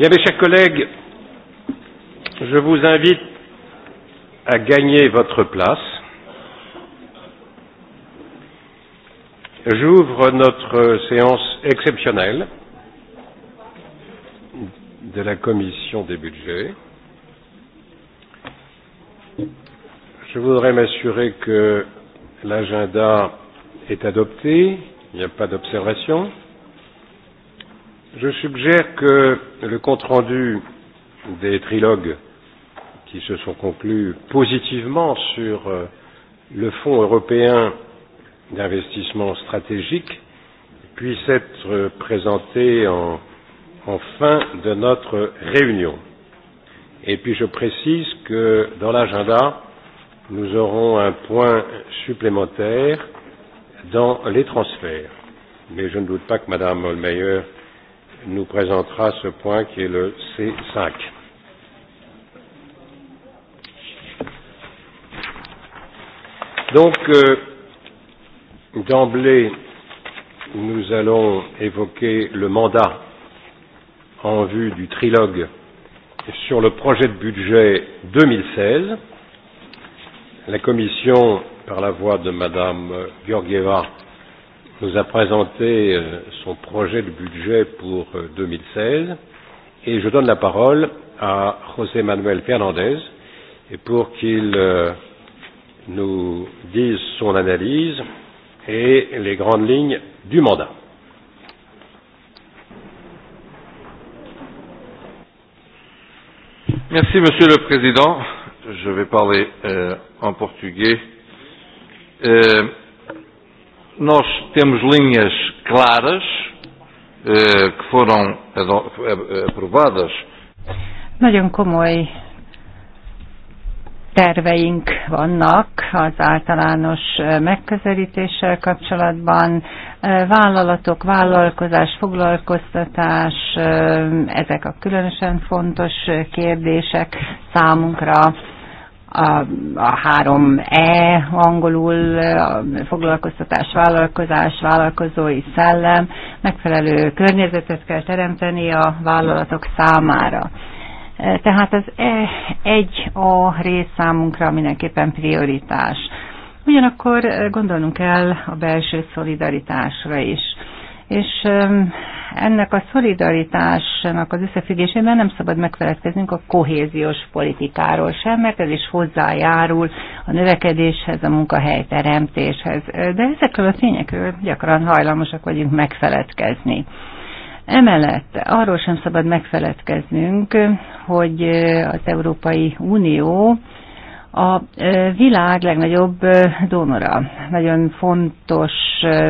Bien, mes chers collègues, je vous invite à gagner votre place. J'ouvre notre séance exceptionnelle de la Commission des budgets. Je voudrais m'assurer que l'agenda est adopté. Il n'y a pas d'observation. Je suggère que le compte-rendu des trilogues qui se sont conclus positivement sur euh, le Fonds européen d'investissement stratégique puisse être présenté en, en fin de notre réunion. Et puis je précise que dans l'agenda, nous aurons un point supplémentaire dans les transferts. Mais je ne doute pas que Madame Holmeyer nous présentera ce point qui est le C5. Donc, euh, d'emblée, nous allons évoquer le mandat en vue du trilogue sur le projet de budget 2016. La Commission, par la voix de Madame Georgieva, nous a présenté euh, son projet de budget pour 2016 euh, et je donne la parole à José Manuel Fernandez pour qu'il euh, nous dise son analyse et les grandes lignes du mandat. Merci, Monsieur le Président. Je vais parler euh, en portugais. Euh, nós temos linhas claras eh, que foram eh, aprovadas. Nagyon komoly terveink vannak az általános eh, megközelítéssel kapcsolatban. Eh, vállalatok, vállalkozás, foglalkoztatás, ezek a különösen fontos kérdések számunkra a, a 3E angolul a foglalkoztatás, vállalkozás, vállalkozói szellem, megfelelő környezetet kell teremteni a vállalatok számára. Tehát az e, egy a rész számunkra mindenképpen prioritás. Ugyanakkor gondolnunk kell a belső szolidaritásra is és ennek a szolidaritásnak az összefüggésében nem szabad megfeledkeznünk a kohéziós politikáról sem, mert ez is hozzájárul a növekedéshez, a munkahelyteremtéshez. De ezekről a tényekről gyakran hajlamosak vagyunk megfeledkezni. Emellett arról sem szabad megfeledkeznünk, hogy az Európai Unió a világ legnagyobb donora. Nagyon fontos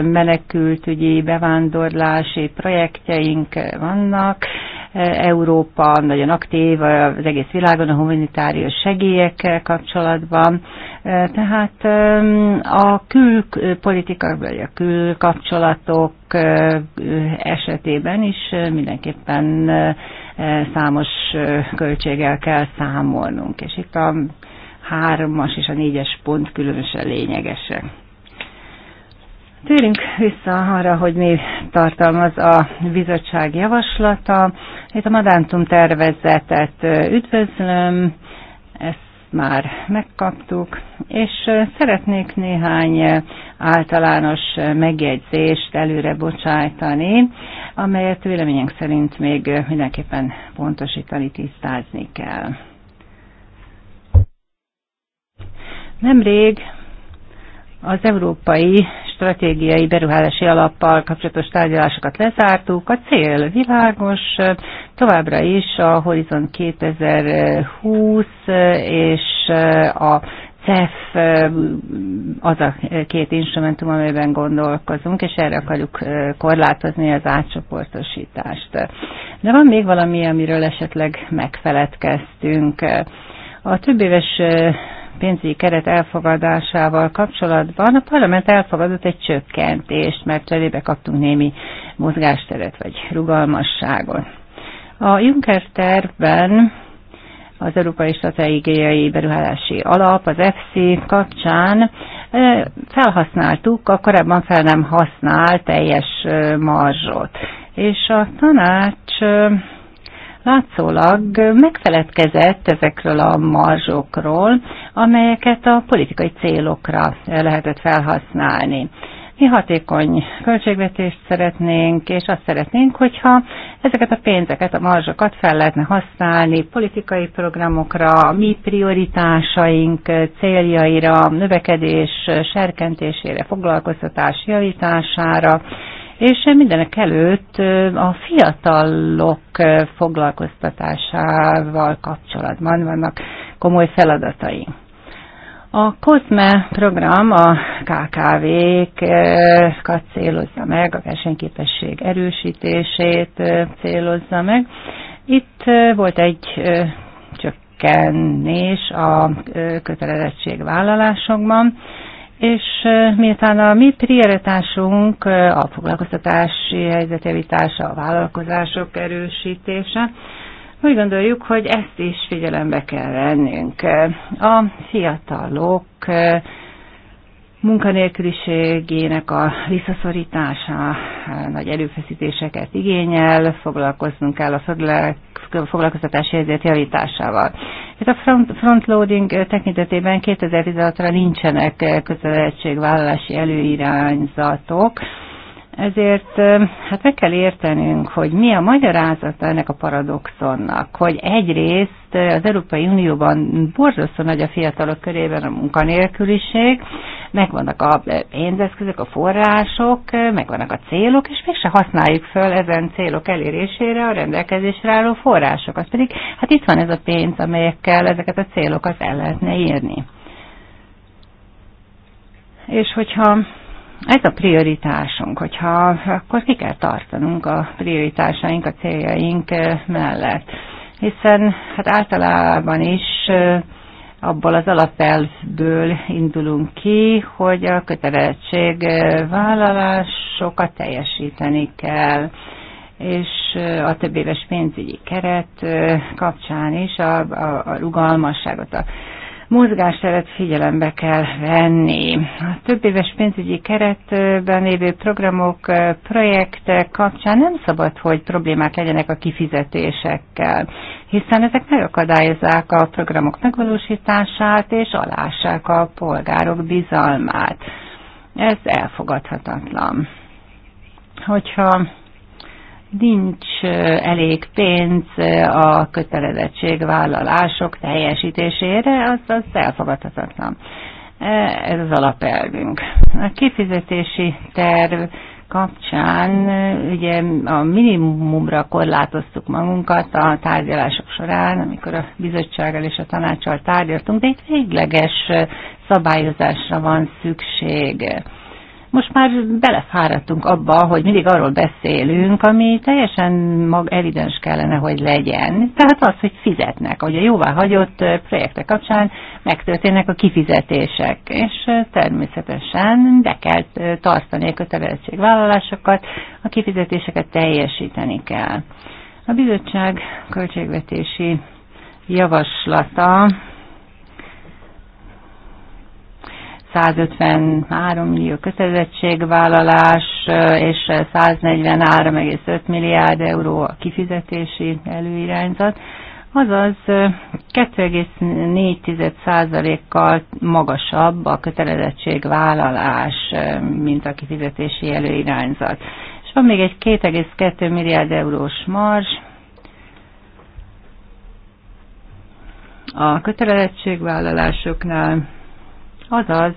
menekültügyi bevándorlási projektjeink vannak. Európa nagyon aktív az egész világon a humanitárius segélyekkel kapcsolatban. Tehát a külpolitika, vagy a külkapcsolatok esetében is mindenképpen számos költséggel kell számolnunk. És itt a hármas és a négyes pont különösen lényegesek. Térjünk vissza arra, hogy mi tartalmaz a bizottság javaslata. Itt a madántum tervezetet üdvözlöm, ezt már megkaptuk, és szeretnék néhány általános megjegyzést előre bocsájtani, amelyet véleményünk szerint még mindenképpen pontosítani, tisztázni kell. Nemrég az európai stratégiai beruházási alappal kapcsolatos tárgyalásokat lezártuk. A cél világos, továbbra is a Horizon 2020 és a CEF az a két instrumentum, amelyben gondolkozunk, és erre akarjuk korlátozni az átcsoportosítást. De van még valami, amiről esetleg megfeledkeztünk. A több éves pénzügyi keret elfogadásával kapcsolatban a parlament elfogadott egy csökkentést, mert cserébe kaptunk némi mozgásteret vagy rugalmasságot. A Juncker tervben az Európai Stratégiai Beruházási Alap, az EFSI kapcsán felhasználtuk a korábban fel nem használt teljes marzsot. És a tanács látszólag megfeledkezett ezekről a marzsokról, amelyeket a politikai célokra lehetett felhasználni. Mi hatékony költségvetést szeretnénk, és azt szeretnénk, hogyha ezeket a pénzeket, a marzsokat fel lehetne használni politikai programokra, a mi prioritásaink céljaira, növekedés serkentésére, foglalkoztatás javítására, és mindenek előtt a fiatalok foglalkoztatásával kapcsolatban vannak komoly feladatai. A COSME program a KKV-kat célozza meg, a versenyképesség erősítését célozza meg. Itt volt egy csökkenés a kötelezettségvállalásokban, és miután a mi prioritásunk a foglalkoztatási helyzetjavítása, a vállalkozások erősítése, úgy gondoljuk, hogy ezt is figyelembe kell vennünk. A fiatalok munkanélküliségének a visszaszorítása nagy előfeszítéseket igényel, foglalkoznunk kell a foglalkoztatási helyzet javításával. Itt a frontloading tekintetében 2016-ra nincsenek kötelezettségvállalási előirányzatok, ezért hát meg kell értenünk, hogy mi a magyarázata ennek a paradoxonnak, hogy egyrészt az Európai Unióban borzasztó nagy a fiatalok körében a munkanélküliség, megvannak a pénzeszközök, a források, megvannak a célok, és mégse használjuk föl ezen célok elérésére a rendelkezésre álló forrásokat. Pedig hát itt van ez a pénz, amelyekkel ezeket a célokat el lehetne írni. És hogyha ez a prioritásunk, hogyha akkor ki kell tartanunk a prioritásaink, a céljaink eh, mellett. Hiszen hát általában is eh, abból az alapelvből indulunk ki, hogy a eh, vállalásokat teljesíteni kell és a több éves pénzügyi keret kapcsán is a, a, a rugalmasságot, a mozgásteret figyelembe kell venni. A több éves pénzügyi keretben lévő programok, projektek kapcsán nem szabad, hogy problémák legyenek a kifizetésekkel, hiszen ezek megakadályozzák a programok megvalósítását és alássák a polgárok bizalmát. Ez elfogadhatatlan. Hogyha nincs elég pénz a kötelezettségvállalások teljesítésére, az, az elfogadhatatlan. Ez az alapelvünk. A kifizetési terv kapcsán ugye a minimumra korlátoztuk magunkat a tárgyalások során, amikor a bizottsággal és a tanácssal tárgyaltunk, de itt végleges szabályozásra van szükség most már belefáradtunk abba, hogy mindig arról beszélünk, ami teljesen mag evidens kellene, hogy legyen. Tehát az, hogy fizetnek, hogy a jóvá hagyott projektek kapcsán megtörténnek a kifizetések, és természetesen be kell tartani a kötelezettségvállalásokat, a kifizetéseket teljesíteni kell. A bizottság költségvetési javaslata 153 millió kötelezettségvállalás és 143,5 milliárd euró a kifizetési előirányzat, azaz 2,4%-kal magasabb a kötelezettségvállalás, mint a kifizetési előirányzat. És van még egy 2,2 milliárd eurós mars, a kötelezettségvállalásoknál Azaz,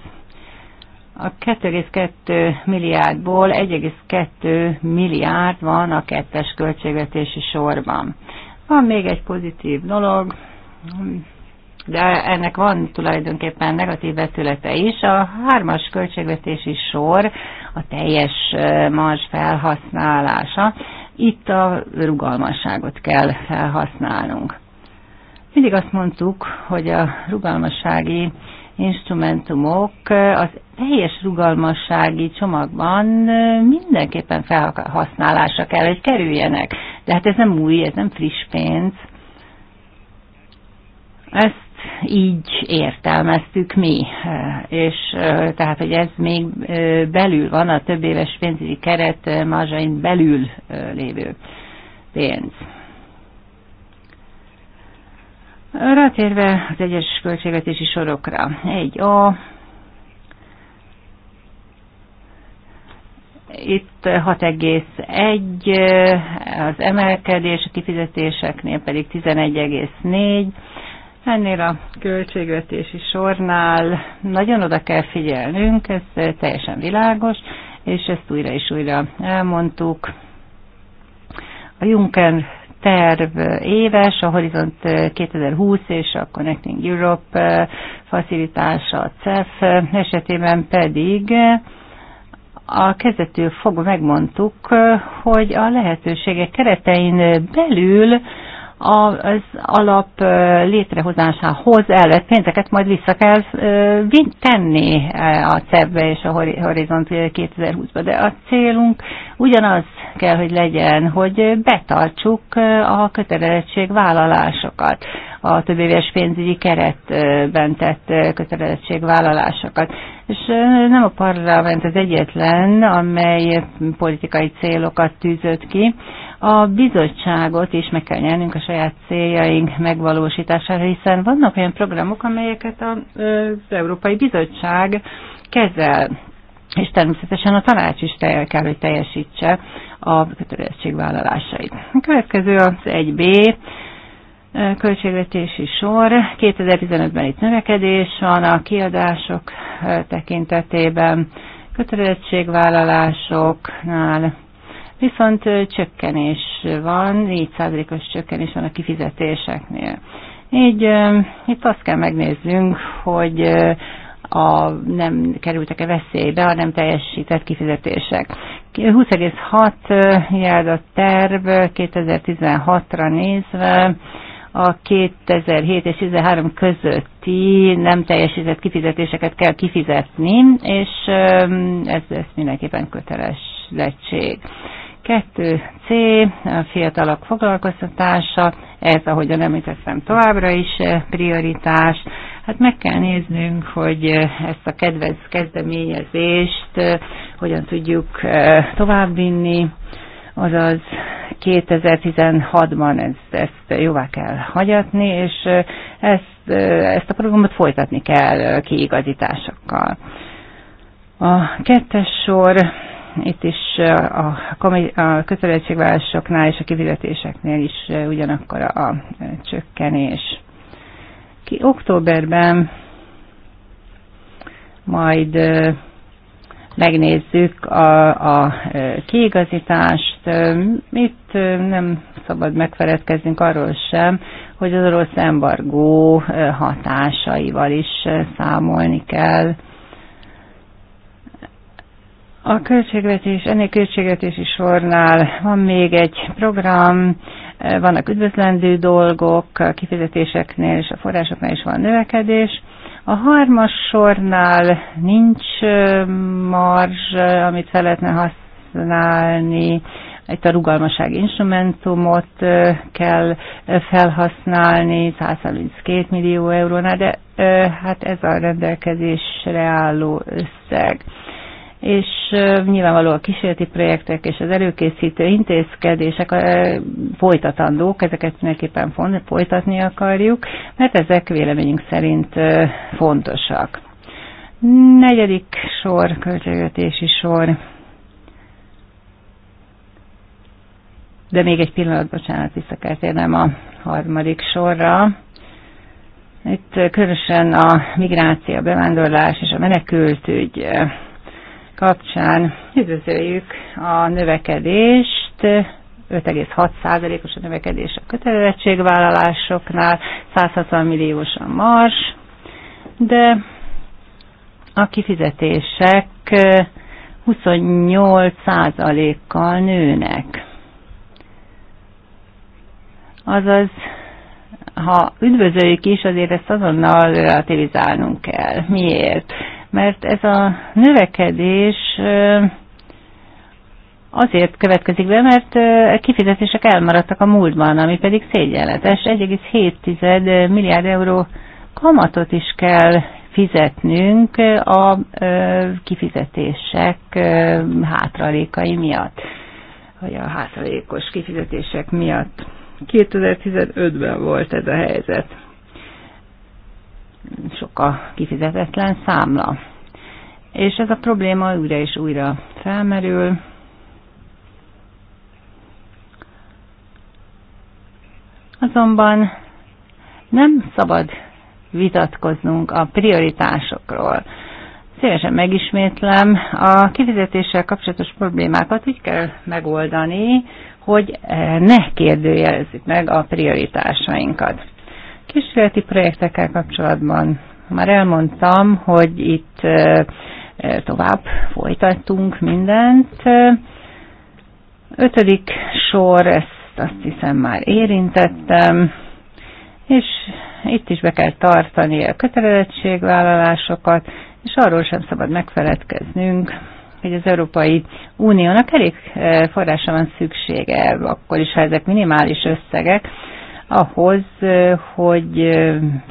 a 2,2 milliárdból 1,2 milliárd van a kettes költségvetési sorban. Van még egy pozitív dolog, de ennek van tulajdonképpen negatív vetülete is. A hármas költségvetési sor a teljes marzs felhasználása. Itt a rugalmasságot kell felhasználnunk. Mindig azt mondtuk, hogy a rugalmassági instrumentumok az teljes rugalmassági csomagban mindenképpen felhasználásra kell, hogy kerüljenek. De hát ez nem új, ez nem friss pénz. Ezt így értelmeztük mi, és tehát, hogy ez még belül van a több éves pénzügyi keret mazsain belül lévő pénz. Rátérve az egyes költségvetési sorokra. Egy a itt 6,1 az emelkedés, a kifizetéseknél pedig 11,4. Ennél a költségvetési sornál nagyon oda kell figyelnünk, ez teljesen világos, és ezt újra és újra elmondtuk. A Juncker terv éves, a Horizont 2020 és a Connecting Europe facilitása a CEF esetében pedig a kezdetől fogva megmondtuk, hogy a lehetőségek keretein belül az alap létrehozásához elvett pénzeket majd vissza kell tenni a ceb és a Horizont 2020-ba. De a célunk ugyanaz kell, hogy legyen, hogy betartsuk a kötelezettség vállalásokat a többéves pénzügyi keretben tett vállalásokat És nem a parlament az egyetlen, amely politikai célokat tűzött ki, a bizottságot is meg kell nyernünk a saját céljaink megvalósítására, hiszen vannak olyan programok, amelyeket az Európai Bizottság kezel, és természetesen a tanács is kell, hogy teljesítse a kötelezettségvállalásait. A következő az 1B, költségvetési sor. 2015-ben itt növekedés van a kiadások eh, tekintetében, kötelezettségvállalásoknál viszont csökkenés van, 4%-os csökkenés van a kifizetéseknél. Így itt azt kell megnézzünk, hogy a, nem kerültek-e veszélybe a nem teljesített kifizetések. 20,6 milliárd a terv 2016-ra nézve, a 2007 és 2013 közötti nem teljesített kifizetéseket kell kifizetni, és ez, ez mindenképpen lettség. 2C, a fiatalok foglalkoztatása, ez, ahogyan említettem, továbbra is eh, prioritás. Hát meg kell néznünk, hogy eh, ezt a kedvez kezdeményezést eh, hogyan tudjuk továbbvinni, azaz 2016-ban ez, ezt jóvá kell hagyatni, és ezt, ezt a programot folytatni kell kiigazításokkal. A kettes sor itt is a, a kötelezettségvállalásoknál és a kifizetéseknél is ugyanakkor a, a csökkenés. Ki októberben majd megnézzük a, a kiigazítást. Itt nem szabad megfeledkeznünk arról sem, hogy az orosz embargó hatásaival is számolni kell. A költségvetés, ennél költségvetési sornál van még egy program, vannak üdvözlendő dolgok, a kifizetéseknél és a forrásoknál is van növekedés. A harmas sornál nincs marzs, amit fel lehetne használni, itt a rugalmaság instrumentumot kell felhasználni, 132 millió eurónál, de hát ez a rendelkezésre álló összeg és nyilvánvaló a kísérleti projektek és az előkészítő intézkedések folytatandók, ezeket mindenképpen folytatni akarjuk, mert ezek véleményünk szerint fontosak. Negyedik sor, költségvetési sor. De még egy pillanat, bocsánat, vissza kell térnem a harmadik sorra. Itt különösen a migráció, a bevándorlás és a menekültügy kapcsán üdvözöljük a növekedést, 5,6%-os a növekedés a kötelezettségvállalásoknál, 160 milliós a mars, de a kifizetések 28%-kal eh, nőnek. Azaz, ha üdvözöljük is, azért ezt azonnal relativizálnunk kell. Miért? mert ez a növekedés azért következik be, mert a kifizetések elmaradtak a múltban, ami pedig szégyenletes. 1,7 milliárd euró kamatot is kell fizetnünk a kifizetések hátralékai miatt, vagy a hátralékos kifizetések miatt. 2015-ben volt ez a helyzet sok a kifizetetlen számla. És ez a probléma újra és újra felmerül. Azonban nem szabad vitatkoznunk a prioritásokról. Szívesen megismétlem, a kifizetéssel kapcsolatos problémákat úgy kell megoldani, hogy ne kérdőjelezzük meg a prioritásainkat. Kísérleti projektekkel kapcsolatban már elmondtam, hogy itt tovább folytattunk mindent. Ötödik sor, ezt azt hiszem már érintettem, és itt is be kell tartani a kötelezettségvállalásokat, és arról sem szabad megfeledkeznünk, hogy az Európai Uniónak elég forrása van szüksége, akkor is, ha ezek minimális összegek, ahhoz, hogy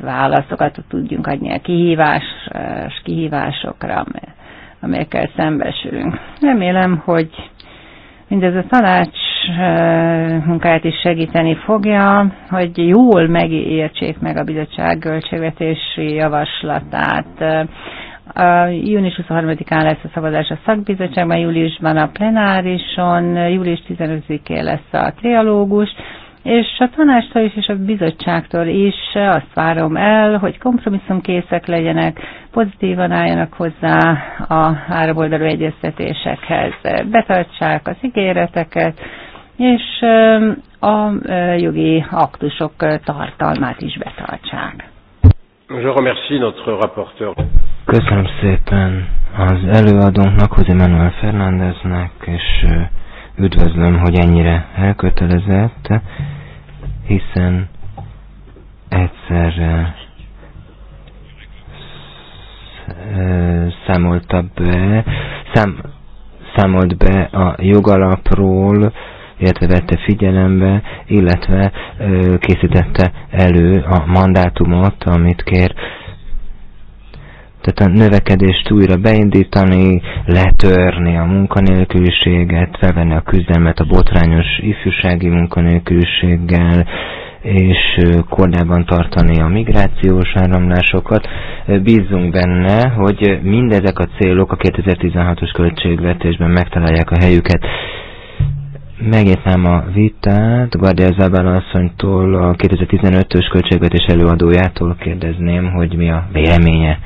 válaszokat tudjunk adni a kihívás, kihívásokra, amelyekkel szembesülünk. Remélem, hogy mindez a tanács munkáját is segíteni fogja, hogy jól megértsék meg a bizottság költségvetési javaslatát. A június 23-án lesz a szavazás a szakbizottságban, júliusban a plenárison, július 15-én lesz a trialógus, és a tanástól is, és a bizottságtól is azt várom el, hogy kompromisszumkészek legyenek, pozitívan álljanak hozzá a háromoldalú egyeztetésekhez, betartsák az ígéreteket, és a jogi aktusok tartalmát is betartsák. notre rapporteur. Köszönöm szépen az előadónknak, José Manuel Fernándeznek, és Üdvözlöm, hogy ennyire elkötelezett, hiszen egyszerre számolta be, szám, számolt be a jogalapról, illetve vette figyelembe, illetve ö, készítette elő a mandátumot, amit kér tehát a növekedést újra beindítani, letörni a munkanélküliséget, felvenni a küzdelmet a botrányos ifjúsági munkanélküliséggel, és kordában tartani a migrációs áramlásokat. Bízzunk benne, hogy mindezek a célok a 2016-os költségvetésben megtalálják a helyüket. Megértem a vitát, Guardia Zabel asszonytól, a 2015-ös költségvetés előadójától kérdezném, hogy mi a véleménye.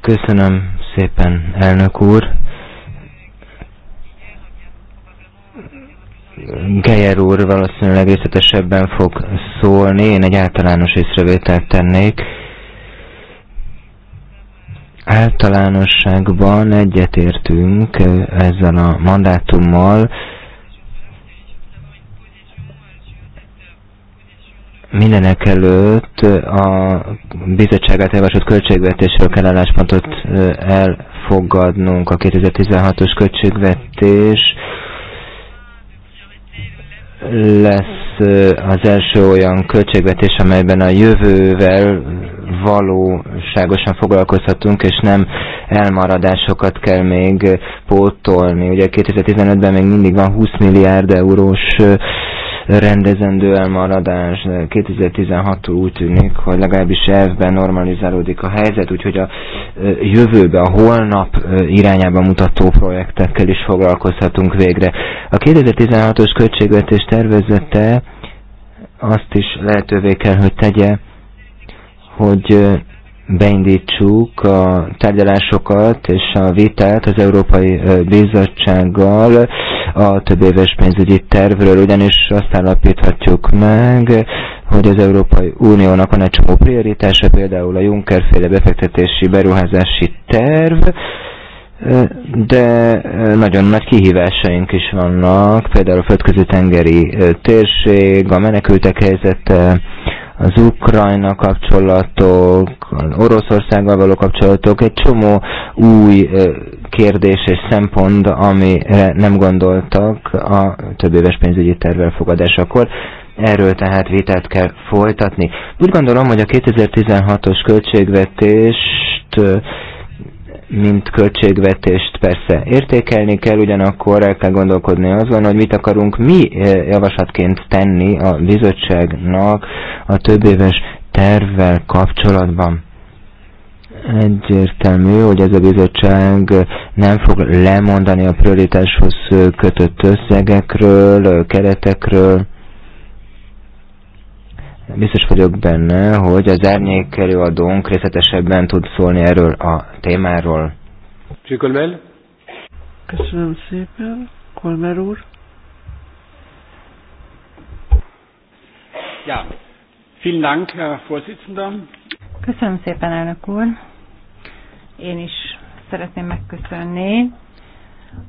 Köszönöm szépen, elnök úr. Geyer úr valószínűleg részletesebben fog szólni, én egy általános észrevételt tennék. Általánosságban egyetértünk ezzel a mandátummal, Mindenek előtt a bizottságát javasolt költségvetésről kell álláspontot elfogadnunk. A 2016-os költségvetés lesz az első olyan költségvetés, amelyben a jövővel valóságosan foglalkozhatunk, és nem elmaradásokat kell még pótolni. Ugye 2015-ben még mindig van 20 milliárd eurós rendezendő elmaradás. 2016-tól úgy tűnik, hogy legalábbis elvben normalizálódik a helyzet, úgyhogy a jövőbe, a holnap irányába mutató projektekkel is foglalkozhatunk végre. A 2016-os költségvetés tervezete azt is lehetővé kell, hogy tegye, hogy beindítsuk a tárgyalásokat és a vitát az Európai Bizottsággal a több éves pénzügyi tervről, ugyanis azt állapíthatjuk meg, hogy az Európai Uniónak van egy csomó prioritása, például a Juncker-féle befektetési beruházási terv, de nagyon nagy kihívásaink is vannak, például a földközi tengeri térség, a menekültek helyzete, az Ukrajna kapcsolatok, az Oroszországgal való kapcsolatok, egy csomó új kérdés és szempont, amire nem gondoltak a több éves pénzügyi tervvel fogadásakor. Erről tehát vitát kell folytatni. Úgy gondolom, hogy a 2016-os költségvetést mint költségvetést persze értékelni kell, ugyanakkor el kell gondolkodni azon, hogy mit akarunk mi eh, javaslatként tenni a bizottságnak a többéves tervvel kapcsolatban egyértelmű, hogy ez a bizottság nem fog lemondani a prioritáshoz kötött összegekről, keretekről, Biztos vagyok benne, hogy az árnyék előadónk részletesebben tud szólni erről a témáról. Csikolmel? Köszönöm szépen, Kolmer úr. Ja, vielen Dank, Herr Vorsitzender. Köszönöm szépen, elnök úr. Én is szeretném megköszönni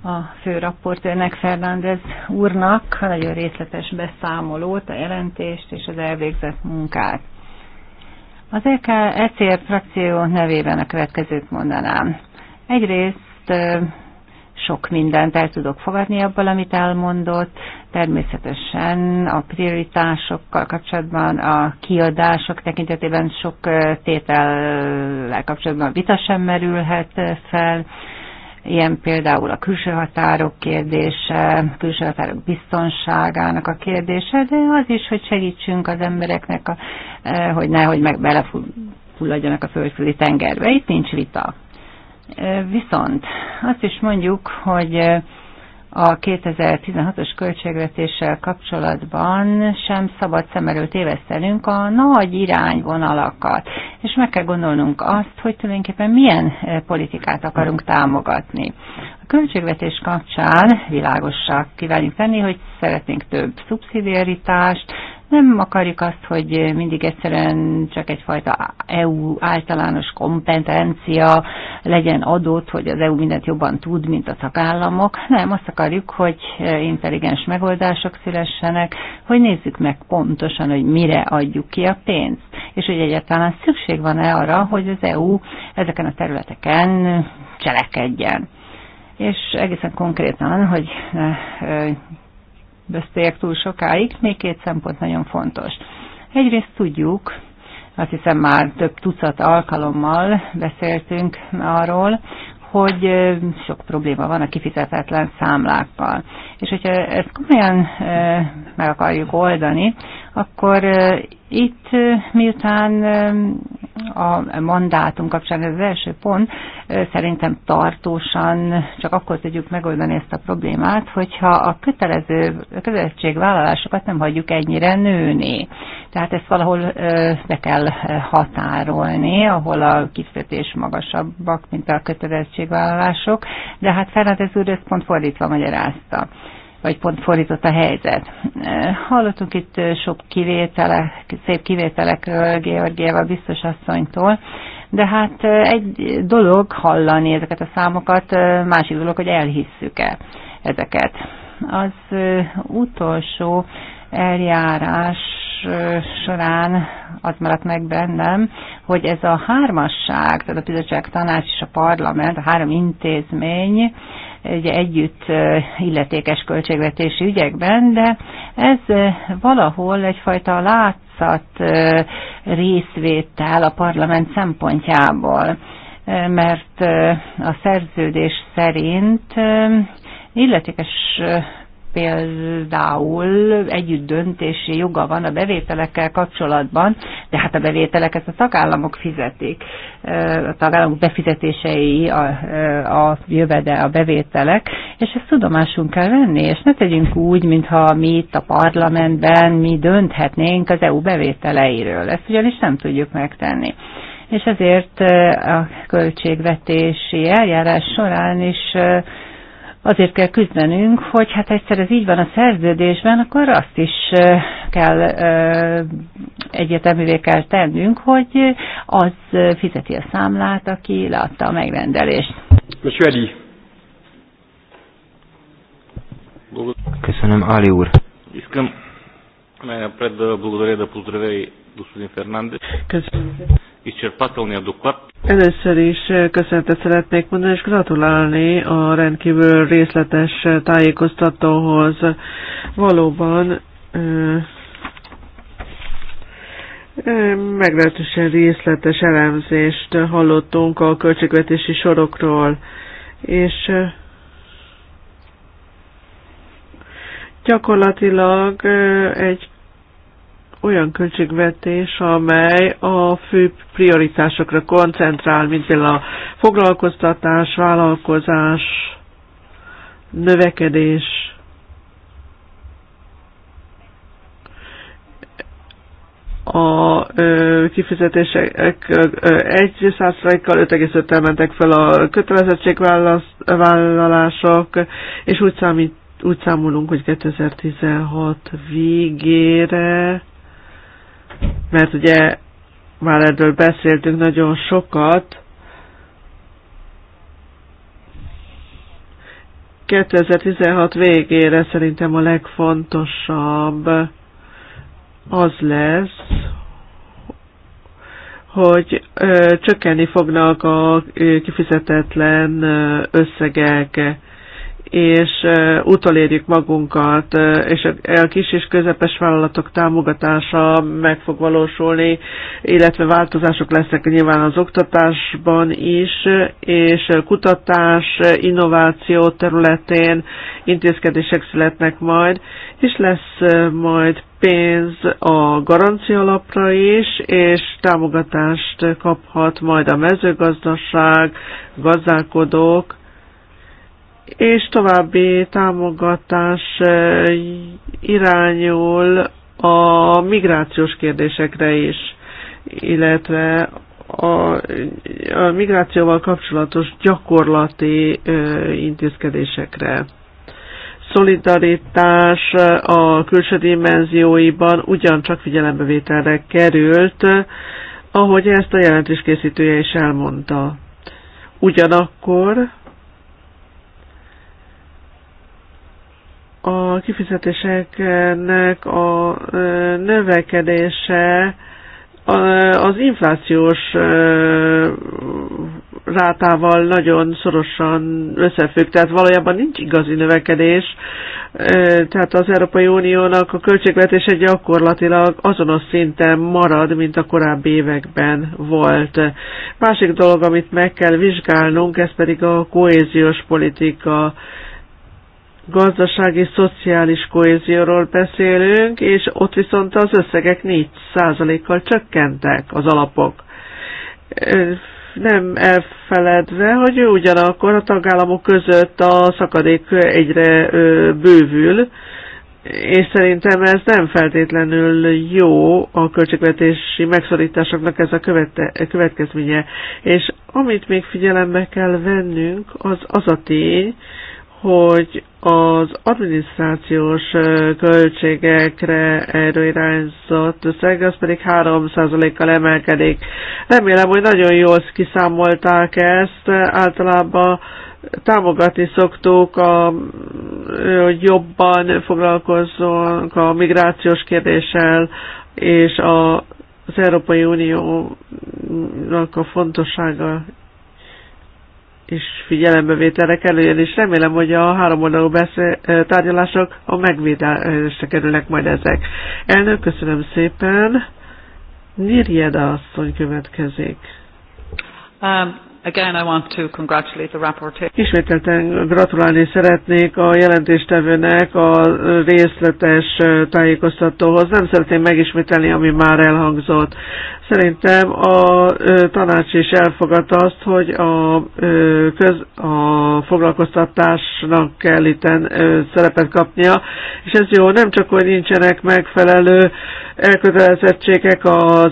a fő raportőrnek, Fernández úrnak nagyon részletes beszámolót, a jelentést és az elvégzett munkát. Az ECR e frakció nevében a következőt mondanám. Egyrészt sok mindent el tudok fogadni abból, amit elmondott. Természetesen a prioritásokkal kapcsolatban, a kiadások tekintetében sok tétellel kapcsolatban vita sem merülhet fel ilyen például a külső határok kérdése, külső határok biztonságának a kérdése, de az is, hogy segítsünk az embereknek, a, e, hogy nehogy meg belefulladjanak a földközi tengerbe. Itt nincs vita. E, viszont azt is mondjuk, hogy e, a 2016-os költségvetéssel kapcsolatban sem szabad szem előtt évesztenünk a nagy irányvonalakat, és meg kell gondolnunk azt, hogy tulajdonképpen milyen eh, politikát akarunk támogatni. A költségvetés kapcsán világossá kívánjuk tenni, hogy szeretnénk több szubszidiaritást, nem akarjuk azt, hogy mindig egyszerűen csak egyfajta EU általános kompetencia legyen adott, hogy az EU mindent jobban tud, mint a tagállamok. Nem, azt akarjuk, hogy intelligens megoldások szülessenek, hogy nézzük meg pontosan, hogy mire adjuk ki a pénzt, és hogy egyáltalán szükség van-e arra, hogy az EU ezeken a területeken cselekedjen és egészen konkrétan, hogy eh, beszéljek túl sokáig, még két szempont nagyon fontos. Egyrészt tudjuk, azt hiszem már több tucat alkalommal beszéltünk arról, hogy sok probléma van a kifizetetlen számlákkal. És hogyha ezt komolyan meg akarjuk oldani, akkor itt miután a mandátum kapcsán ez az első pont, szerintem tartósan csak akkor tudjuk megoldani ezt a problémát, hogyha a kötelező a kötelezettségvállalásokat nem hagyjuk ennyire nőni. Tehát ezt valahol be kell határolni, ahol a kifizetés magasabbak, mint a kötelezettségvállalások, de hát Fernández úr ezt pont fordítva magyarázta vagy pont fordított a helyzet. Hallottunk itt sok kivétele, szép kivételekről Georgieva biztos asszonytól, de hát egy dolog hallani ezeket a számokat, másik dolog, hogy elhisszük-e ezeket. Az utolsó eljárás során az maradt meg bennem, hogy ez a hármasság, tehát a bizottság tanács és a parlament, a három intézmény ugye együtt illetékes költségvetési ügyekben, de ez valahol egyfajta látszat részvétel a parlament szempontjából, mert a szerződés szerint illetékes például együtt döntési joga van a bevételekkel kapcsolatban, de hát a bevételeket a tagállamok fizetik. A tagállamok befizetései a, a jövede, a bevételek, és ezt tudomásunk kell venni, és ne tegyünk úgy, mintha mi itt a parlamentben mi dönthetnénk az EU bevételeiről. Ezt ugyanis nem tudjuk megtenni és ezért a költségvetési eljárás során is azért kell küzdenünk, hogy hát egyszer ez így van a szerződésben, akkor azt is kell egyeteművé kell tennünk, hogy az fizeti a számlát, aki leadta a megrendelést. Köszönöm. Köszönöm, Ali úr. Köszönöm. Köszönöm. Először is э, köszöntet szeretnék mondani, és gratulálni a rendkívül részletes э, tájékoztatóhoz. Valóban meglehetősen részletes elemzést hallottunk a költségvetési sorokról, és gyakorlatilag egy olyan költségvetés, amely a fő prioritásokra koncentrál, mint például a foglalkoztatás, vállalkozás, növekedés, a kifizetések 1%-kal 5,5-tel mentek fel a kötelezettségvállalások, és úgy, számít, úgy számolunk, hogy 2016 végére mert ugye már erről beszéltünk nagyon sokat, 2016 végére szerintem a legfontosabb az lesz, hogy ö, csökkenni fognak a ö, kifizetetlen ö, összegek és utolérjük magunkat, és a kis és közepes vállalatok támogatása meg fog valósulni, illetve változások lesznek nyilván az oktatásban is, és kutatás, innováció területén intézkedések születnek majd, és lesz majd pénz a garancialapra is, és támogatást kaphat majd a mezőgazdaság, gazdálkodók, és további támogatás eh, irányul a migrációs kérdésekre is, illetve a, a migrációval kapcsolatos gyakorlati ö, eh, intézkedésekre. Szolidaritás eh, a külső dimenzióiban ugyancsak figyelembevételre került, ahogy ezt a készítője is elmondta. Ugyanakkor a kifizetéseknek a növekedése az inflációs rátával nagyon szorosan összefügg, tehát valójában nincs igazi növekedés, tehát az Európai Uniónak a költségvetése gyakorlatilag azonos szinten marad, mint a korábbi években volt. Másik dolog, amit meg kell vizsgálnunk, ez pedig a kohéziós politika gazdasági, szociális kohézióról beszélünk, és ott viszont az összegek 4%-kal csökkentek az alapok. Nem elfeledve, hogy ugyanakkor a tagállamok között a szakadék egyre bővül, és szerintem ez nem feltétlenül jó a költségvetési megszorításoknak ez a követke, következménye. És amit még figyelembe kell vennünk, az az a tény, hogy az adminisztrációs költségekre erről irányzott összeg, az pedig 3%-kal emelkedik. Remélem, hogy nagyon jól kiszámolták ezt, általában támogatni szoktuk, a, hogy jobban foglalkozzunk a migrációs kérdéssel, és a, az Európai Uniónak a fontossága és figyelembevételre kerüljön, és remélem, hogy a háromoldalú tárgyalások a megvédelésre kerülnek majd ezek. Elnök, köszönöm szépen. Nirjeda asszony következik. Um, Again, I want to congratulate the rapporteur. Ismételten gratulálni szeretnék a jelentéstevőnek a részletes tájékoztatóhoz. Nem szeretném megismételni, ami már elhangzott. Szerintem a tanács is elfogadta azt, hogy a, köz, a foglalkoztatásnak kell itten szerepet kapnia, és ez jó, nem csak, hogy nincsenek megfelelő elkötelezettségek az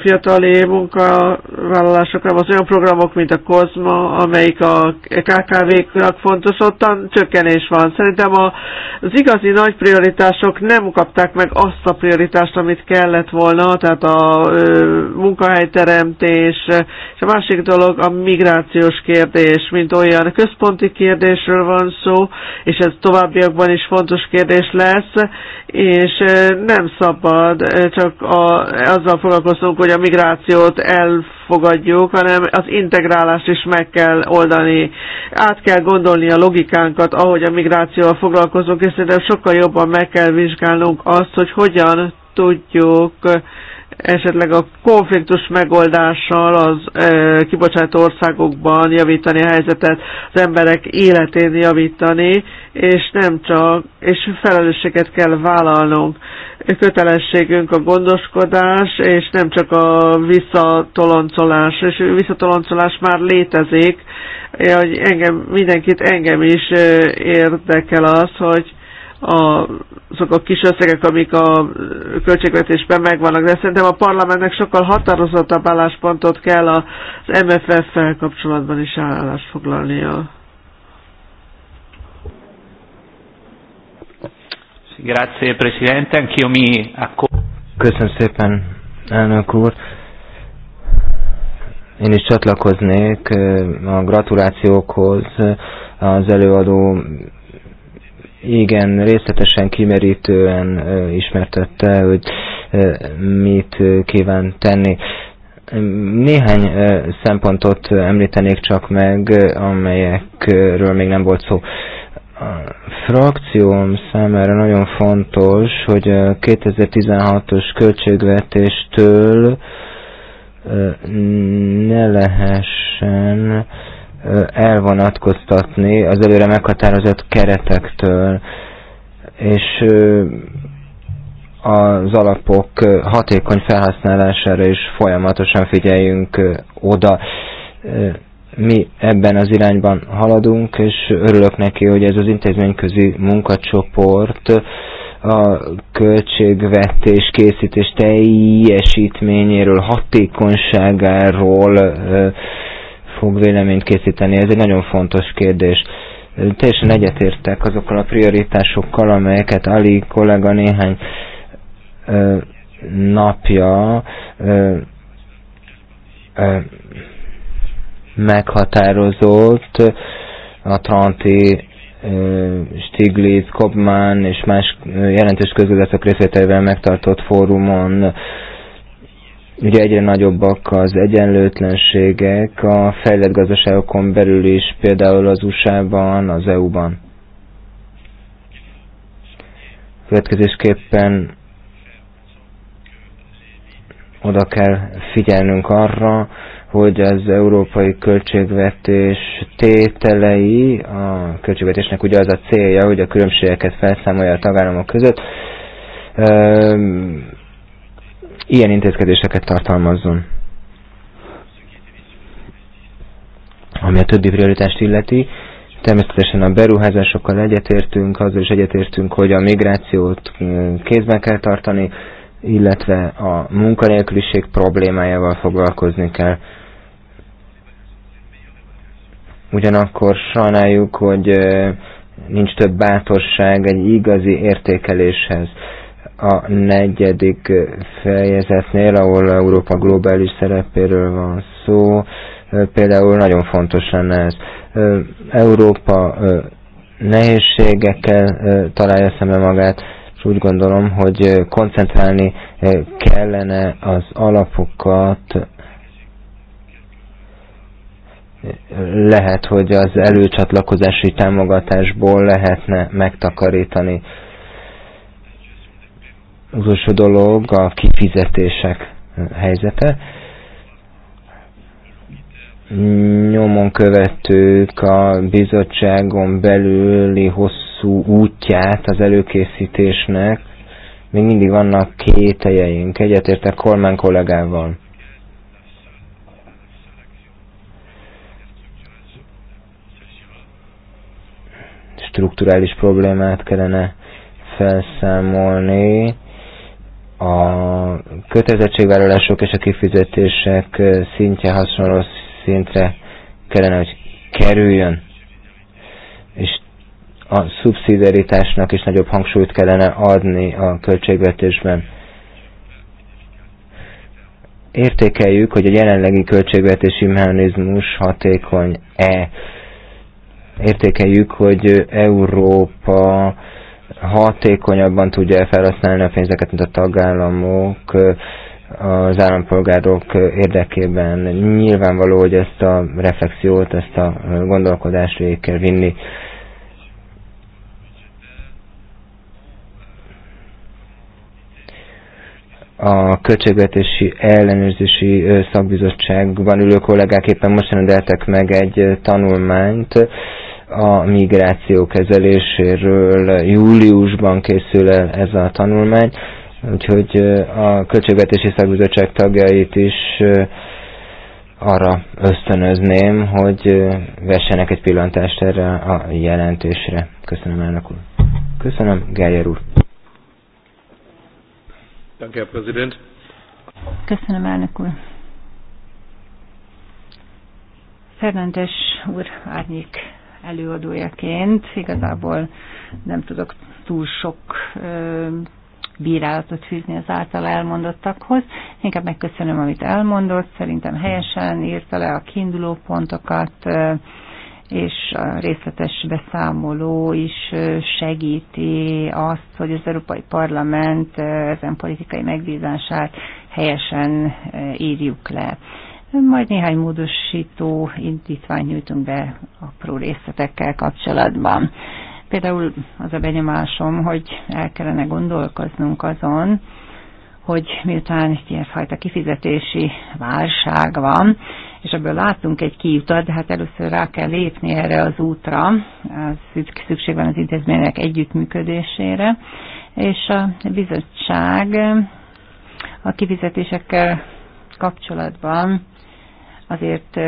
fiatali munkavállalásokra, az olyan programok, mint a kozma, amelyik a KKV-knak fontos, ottan csökkenés van. Szerintem az igazi nagy prioritások nem kapták meg azt a prioritást, amit kellett volna, tehát a munkahelyteremtés, és a másik dolog a migrációs kérdés, mint olyan központi kérdésről van szó, és ez továbbiakban is fontos kérdés lesz, és nem szabad csak a, azzal foglalkoznunk, hogy a migrációt elfogadjuk, hanem az integrálást is meg kell oldani. Át kell gondolni a logikánkat, ahogy a migrációval foglalkozunk, és szerintem sokkal jobban meg kell vizsgálnunk azt, hogy hogyan tudjuk esetleg a konfliktus megoldással az e, kibocsátó országokban javítani a helyzetet, az emberek életén javítani, és nem csak, és felelősséget kell vállalnunk. Kötelességünk a gondoskodás, és nem csak a visszatoloncolás, és visszatoloncolás már létezik, hogy engem, mindenkit engem is érdekel az, hogy a, azok a kis összegek, amik a költségvetésben megvannak, de szerintem a parlamentnek sokkal határozottabb álláspontot kell az MFF-fel kapcsolatban is állást foglalnia. Grazie Presidente, anch'io mi Köszönöm szépen, elnök úr. Én is csatlakoznék eh, a gratulációkhoz eh, az előadó igen részletesen, kimerítően ismertette, hogy mit kíván tenni. Néhány szempontot említenék csak meg, amelyekről még nem volt szó. A frakcióm számára nagyon fontos, hogy a 2016-os költségvetéstől ne lehessen elvonatkoztatni az előre meghatározott keretektől, és az alapok hatékony felhasználására is folyamatosan figyeljünk oda. Mi ebben az irányban haladunk, és örülök neki, hogy ez az intézményközi munkacsoport a költségvetés készítés teljesítményéről, hatékonyságáról fog véleményt készíteni. Ez egy nagyon fontos kérdés. Teljesen egyetértek azokkal a prioritásokkal, amelyeket Ali kollega néhány ö, napja ö, ö, meghatározott a Tranti Stiglitz, Kopman és más jelentős közgazdászok részvételével megtartott fórumon Ugye egyre nagyobbak az egyenlőtlenségek a fejlett gazdaságokon belül is, például az USA-ban, az EU-ban. Következésképpen oda kell figyelnünk arra, hogy az európai költségvetés tételei, a költségvetésnek ugye az a célja, hogy a különbségeket felszámolja a tagállamok között, ilyen intézkedéseket tartalmazzon. Ami a többi prioritást illeti, természetesen a beruházásokkal egyetértünk, azzal is egyetértünk, hogy a migrációt mm, kézben kell tartani, illetve a munkanélküliség problémájával foglalkozni kell. Ugyanakkor sajnáljuk, hogy nincs több bátorság egy igazi értékeléshez a negyedik fejezetnél, ahol Európa globális szerepéről van szó, például nagyon fontos lenne ez. Európa nehézségekkel találja szembe magát, és úgy gondolom, hogy koncentrálni kellene az alapokat, lehet, hogy az előcsatlakozási támogatásból lehetne megtakarítani utolsó dolog a kifizetések helyzete. Nyomon követők a bizottságon belüli hosszú útját az előkészítésnek. Még mindig vannak kételjeink. Egyetértek Kormán kollégával. Strukturális problémát kellene felszámolni a kötelezettségvállalások és a kifizetések szintje hasonló szintre kellene, hogy kerüljön. És a szubszidiaritásnak is nagyobb hangsúlyt kellene adni a költségvetésben. Értékeljük, hogy a jelenlegi költségvetési mechanizmus hatékony-e. Értékeljük, hogy Európa hatékonyabban tudja felhasználni a pénzeket, mint a tagállamok az állampolgárok érdekében. Nyilvánvaló, hogy ezt a reflexiót, ezt a gondolkodást végig kell vinni. a költségvetési ellenőrzési szakbizottságban ülő kollégák éppen most rendeltek meg egy tanulmányt a migráció kezeléséről júliusban készül el ez a tanulmány, úgyhogy a Költségvetési Szakbizottság tagjait is arra ösztönözném, hogy vessenek egy pillantást erre a jelentésre. Köszönöm, elnök úr. Köszönöm, Gájer úr. Köszönöm, elnök úr. Fernandes úr árnyék előadójaként igazából nem tudok túl sok bírálatot fűzni az által elmondottakhoz. Inkább megköszönöm, amit elmondott, szerintem helyesen írta le a kiinduló pontokat, és a részletes beszámoló is segíti azt, hogy az Európai Parlament ezen politikai megbízását helyesen írjuk le. Majd néhány módosító indítványt nyújtunk be apró részletekkel kapcsolatban. Például az a benyomásom, hogy el kellene gondolkoznunk azon, hogy miután egy ilyenfajta kifizetési válság van, és ebből látunk egy kiutat, de hát először rá kell lépni erre az útra, az szükség van az intézmények együttműködésére, és a bizottság a kifizetésekkel kapcsolatban azért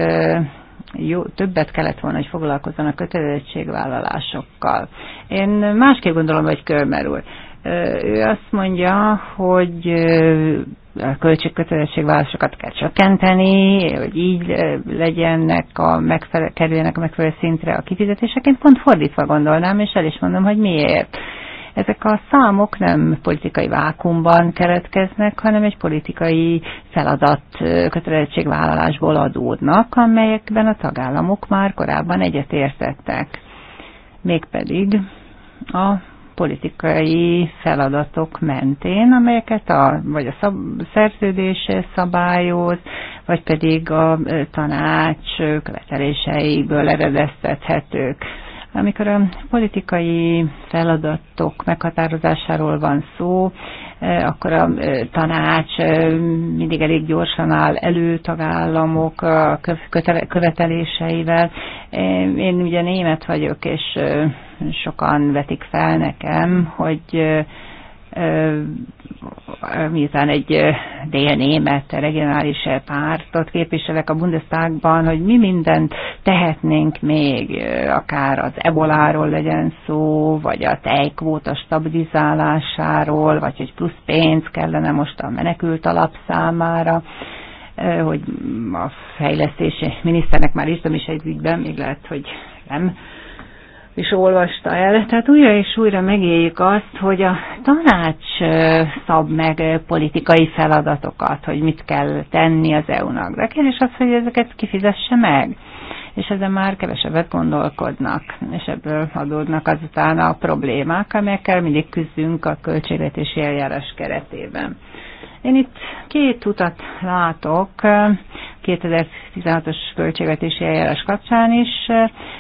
jó, többet kellett volna, hogy foglalkozzon a kötelezettségvállalásokkal. Én másképp gondolom, hogy Körmer úr. Ő azt mondja, hogy a költségkötelezettségvállalásokat kell csökkenteni, hogy így legyenek a megfele- kerüljenek a megfelelő szintre a kifizetések. Én pont fordítva gondolnám, és el is mondom, hogy miért. Ezek a számok nem politikai vákumban keretkeznek, hanem egy politikai feladat kötelezettségvállalásból adódnak, amelyekben a tagállamok már korábban egyetértettek. Mégpedig a politikai feladatok mentén, amelyeket a, vagy a szab, szerződés szabályoz, vagy pedig a tanács követeléseiből eredeztethetők. Amikor a politikai feladatok meghatározásáról van szó, eh, akkor a eh, tanács eh, mindig elég gyorsan áll elő tagállamok követeléseivel. Én ugye német vagyok, és sokan vetik fel nekem, hogy miután egy dél-német regionális pártot képviselek a Bundestagban, hogy mi mindent tehetnénk még, akár az eboláról legyen szó, vagy a tejkvóta stabilizálásáról, vagy hogy plusz pénz kellene most a menekült alap számára hogy a fejlesztési miniszternek már írtam is egy ügyben, még lehet, hogy nem és olvasta el. Tehát újra és újra megéljük azt, hogy a tanács szab meg politikai feladatokat, hogy mit kell tenni az EU-nak. De kérdés az, hogy ezeket kifizesse meg és ezzel már kevesebbet gondolkodnak, és ebből adódnak azután a problémák, amelyekkel mindig küzdünk a költségvetési eljárás keretében. Én itt két utat látok. 2016-os költségvetési eljárás kapcsán is.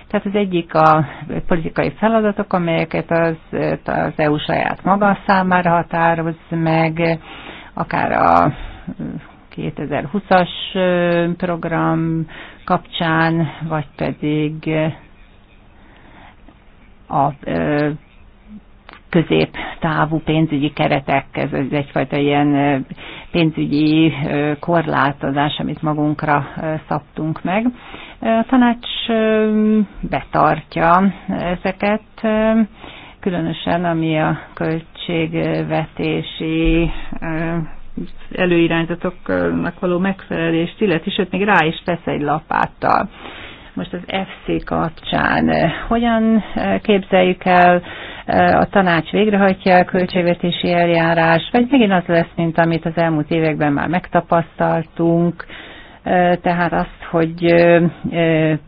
Tehát az egyik a politikai feladatok, amelyeket az, az EU saját maga számára határoz meg, akár a 2020-as program kapcsán, vagy pedig a középtávú pénzügyi keretek, ez egyfajta ilyen pénzügyi korlátozás, amit magunkra szabtunk meg. A tanács betartja ezeket, különösen ami a költségvetési előirányzatoknak való megfelelést illeti, sőt még rá is tesz egy lapáttal. Most az FC kapcsán hogyan eh, képzeljük el, eh, a tanács végrehajtja a költségvetési eljárás, vagy megint az lesz, mint amit az elmúlt években már megtapasztaltunk, eh, tehát azt, hogy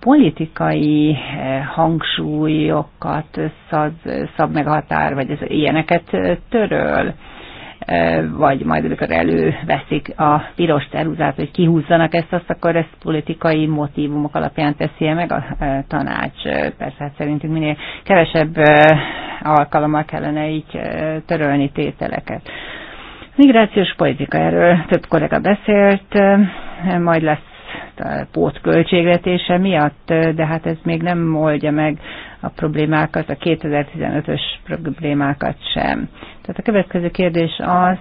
politikai hangsúlyokat szab, szab meg a határ, vagy ez, ilyeneket töröl vagy majd amikor előveszik a piros ceruzát, hogy kihúzzanak ezt, azt akkor ezt politikai motivumok alapján teszi -e meg a tanács. Persze hát szerintünk minél kevesebb alkalommal kellene így törölni tételeket. Migrációs politika, erről több kollega beszélt, majd lesz pótköltségvetése miatt, de hát ez még nem oldja meg a problémákat, a 2015-ös problémákat sem. Tehát a következő kérdés az,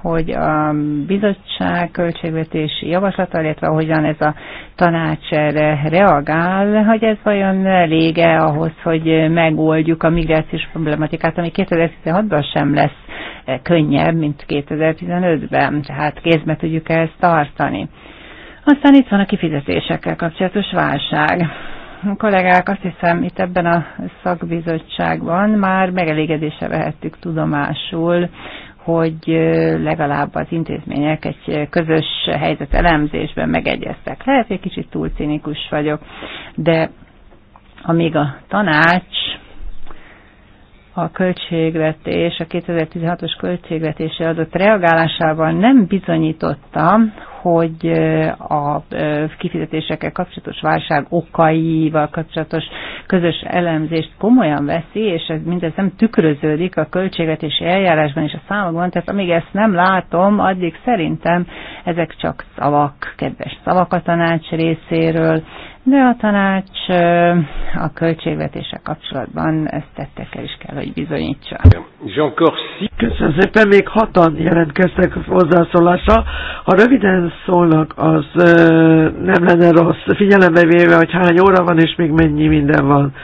hogy a bizottság költségvetési javaslata, illetve hogyan ez a tanács erre reagál, hogy ez vajon elége ahhoz, hogy megoldjuk a migrációs problematikát, ami 2016-ban sem lesz könnyebb, mint 2015-ben, tehát kézbe tudjuk -e ezt tartani. Aztán itt van a kifizetésekkel kapcsolatos válság. A kollégák, azt hiszem, itt ebben a szakbizottságban már megelégedésre vehettük tudomásul, hogy legalább az intézmények egy közös helyzet elemzésben megegyeztek. Lehet, hogy kicsit túl cinikus vagyok, de amíg a tanács a költségvetés, a 2016-os költségvetése adott reagálásával nem bizonyította, hogy a kifizetésekkel kapcsolatos válság okaival kapcsolatos közös elemzést komolyan veszi, és ez mindez nem tükröződik a költségvetési eljárásban és a számokban, tehát amíg ezt nem látom, addig szerintem ezek csak szavak, kedves szavak a tanács részéről, de a tanács a költségvetése kapcsolatban ezt tettek, el is kell, hogy bizonyítsa. Köszönöm szépen, még hatan jelentkeztek hozzászólásra. Ha röviden szólnak, az nem lenne rossz, figyelembe véve, hogy hány óra van és még mennyi minden van.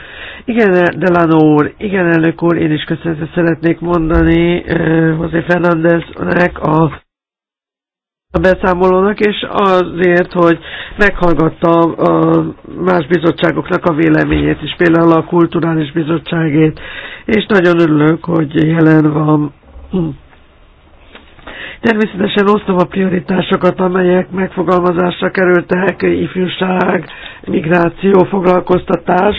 Igen, Delano úr, igen, elnök úr, én is köszönetet szeretnék mondani José Fernándeznek a a beszámolónak, és azért, hogy meghallgatta a más bizottságoknak a véleményét is, például a kulturális bizottságét, és nagyon örülök, hogy jelen van. Természetesen osztom a prioritásokat, amelyek megfogalmazásra kerültek, ifjúság, migráció, foglalkoztatás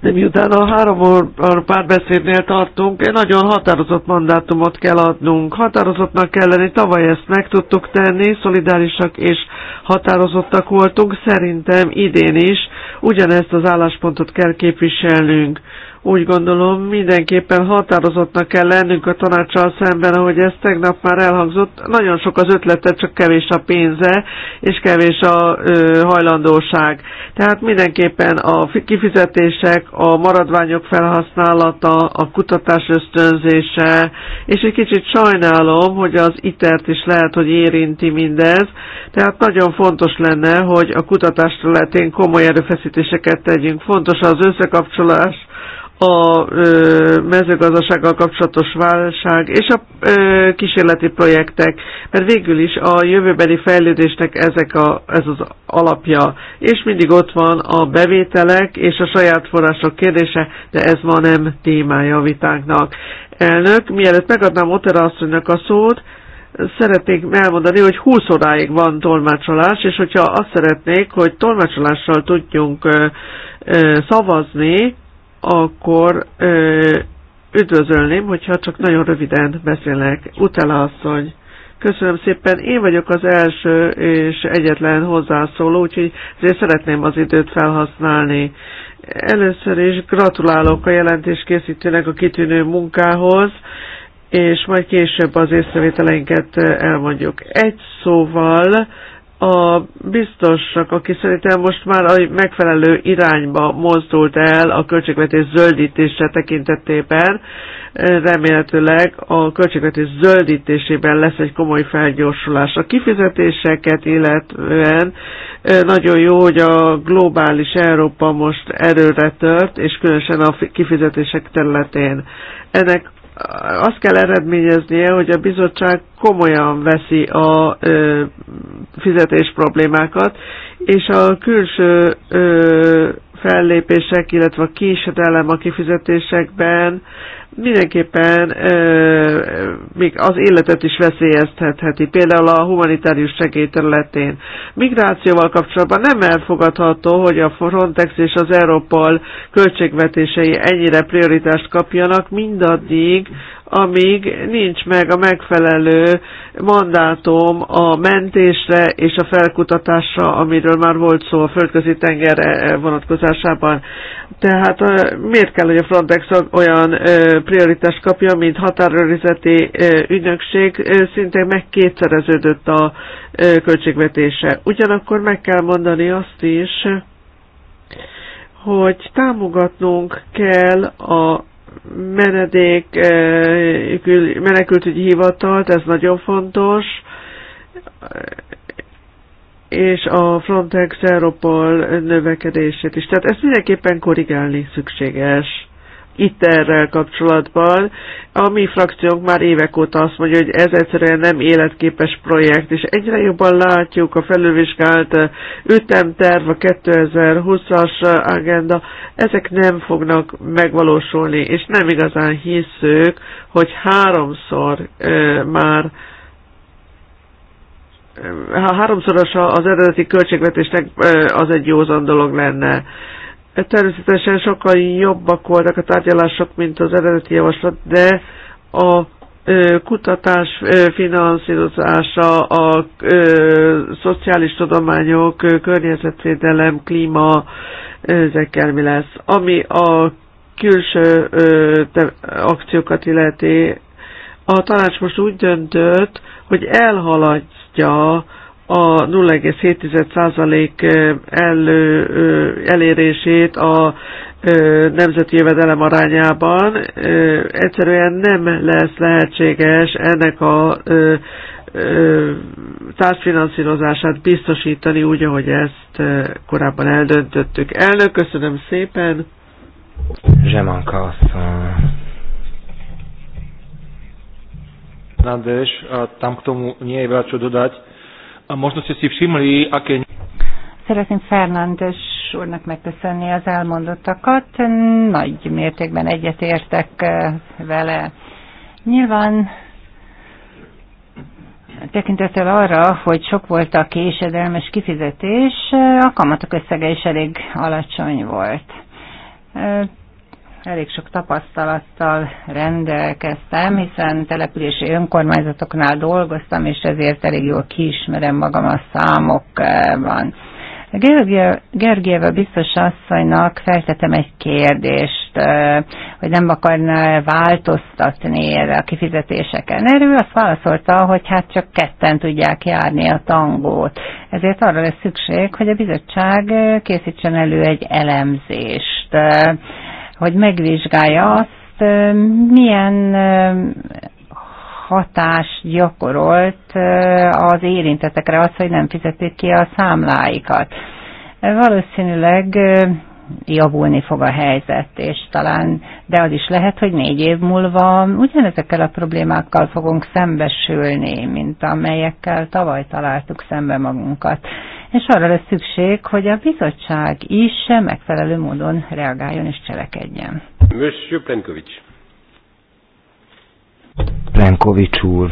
de miután a három óra párbeszédnél tartunk, nagyon határozott mandátumot kell adnunk. Határozottnak kell lenni, tavaly ezt meg tudtuk tenni, szolidárisak és határozottak voltunk, szerintem idén is ugyanezt az álláspontot kell képviselnünk úgy gondolom mindenképpen határozottnak kell lennünk a tanácssal szemben, ahogy ez tegnap már elhangzott. Nagyon sok az ötlete, csak kevés a pénze, és kevés a ö, hajlandóság. Tehát mindenképpen a kifizetések, a maradványok felhasználata, a kutatás ösztönzése, és egy kicsit sajnálom, hogy az itert is lehet, hogy érinti mindez. Tehát nagyon fontos lenne, hogy a kutatás területén komoly erőfeszítéseket tegyünk. Fontos az összekapcsolás a ö, mezőgazdasággal kapcsolatos válság és a ö, kísérleti projektek, mert végül is a jövőbeli fejlődésnek ezek a, ez az alapja. És mindig ott van a bevételek és a saját források kérdése, de ez ma nem témája a vitánknak. Elnök, mielőtt megadnám Otera asszonynak a szót, szeretnék elmondani, hogy 20 óráig van tolmácsolás, és hogyha azt szeretnék, hogy tolmácsolással tudjunk ö, ö, szavazni, akkor ö, üdvözölném, hogyha csak nagyon röviden beszélek. Utela asszony. Köszönöm szépen. Én vagyok az első és egyetlen hozzászóló, úgyhogy ezért szeretném az időt felhasználni. Először is gratulálok a jelentés készítőnek a kitűnő munkához, és majd később az észrevételeinket elmondjuk. Egy szóval a biztosak, aki szerintem most már a megfelelő irányba mozdult el a költségvetés zöldítése tekintetében, remélhetőleg a költségvetés zöldítésében lesz egy komoly felgyorsulás. A kifizetéseket illetően nagyon jó, hogy a globális Európa most erőre tört, és különösen a kifizetések területén. Ennek azt kell eredményeznie, hogy a bizottság komolyan veszi a ö, fizetés problémákat, és a külső ö, fellépések, illetve a késedelem a kifizetésekben mindenképpen ö, még az életet is veszélyeztetheti, például a humanitárius segélyterületén. Migrációval kapcsolatban nem elfogadható, hogy a Frontex és az Európol költségvetései ennyire prioritást kapjanak mindaddig, amíg nincs meg a megfelelő mandátum a mentésre és a felkutatásra, amiről már volt szó a földközi tengerre vonatkozásában. Tehát miért kell, hogy a Frontex olyan prioritást kapja, mint határőrizeti ügynökség, szinte megkétszereződött a költségvetése. Ugyanakkor meg kell mondani azt is, hogy támogatnunk kell a menedék, menekültügyi hivatalt, ez nagyon fontos, és a Frontex Europol növekedését is. Tehát ezt mindenképpen korrigálni szükséges itt errel kapcsolatban. A mi frakciónk már évek óta azt mondja, hogy ez egyszerűen nem életképes projekt, és egyre jobban látjuk a felülvizsgált ütemterv, a 2020-as agenda, ezek nem fognak megvalósulni, és nem igazán hiszük, hogy háromszor ö, már háromszoros az eredeti költségvetésnek az egy józan dolog lenne. Természetesen sokkal jobbak voltak a tárgyalások, mint az eredeti javaslat, de a kutatás finanszírozása, a szociális tudományok, környezetvédelem, klíma, ezekkel mi lesz. Ami a külső akciókat illeti, a tanács most úgy döntött, hogy elhaladja a 0,7% elő, elérését a nemzeti jövedelem arányában. Egyszerűen nem lesz lehetséges ennek a társfinanszírozását biztosítani úgy, ahogy ezt korábban eldöntöttük. Elnök, köszönöm szépen! Zsemanka asszony. Nandés, tam k tomu nie je možno ste si všimli, aké... Szeretném Fernándes úrnak megköszönni az elmondottakat. Nagy mértékben egyetértek eh, vele. Nyilván tekintettel arra, hogy sok volt a késedelmes kifizetés, eh, a kamatok összege is elég alacsony volt. Eh, elég sok tapasztalattal rendelkeztem, hiszen települési önkormányzatoknál dolgoztam, és ezért elég jól kiismerem magam a számokban. Gergieva biztos asszonynak feltetem egy kérdést, hogy nem akarná változtatni erre a kifizetéseken. Erről azt válaszolta, hogy hát csak ketten tudják járni a tangót. Ezért arra lesz szükség, hogy a bizottság készítsen elő egy elemzést hogy megvizsgálja azt, milyen hatást gyakorolt az érintetekre az, hogy nem fizették ki a számláikat. Valószínűleg javulni fog a helyzet, és talán, de az is lehet, hogy négy év múlva ugyanezekkel a problémákkal fogunk szembesülni, mint amelyekkel tavaly találtuk szembe magunkat és arra lesz szükség, hogy a bizottság is megfelelő módon reagáljon és cselekedjen. Monsieur Plenkovics. Plenkovics úr.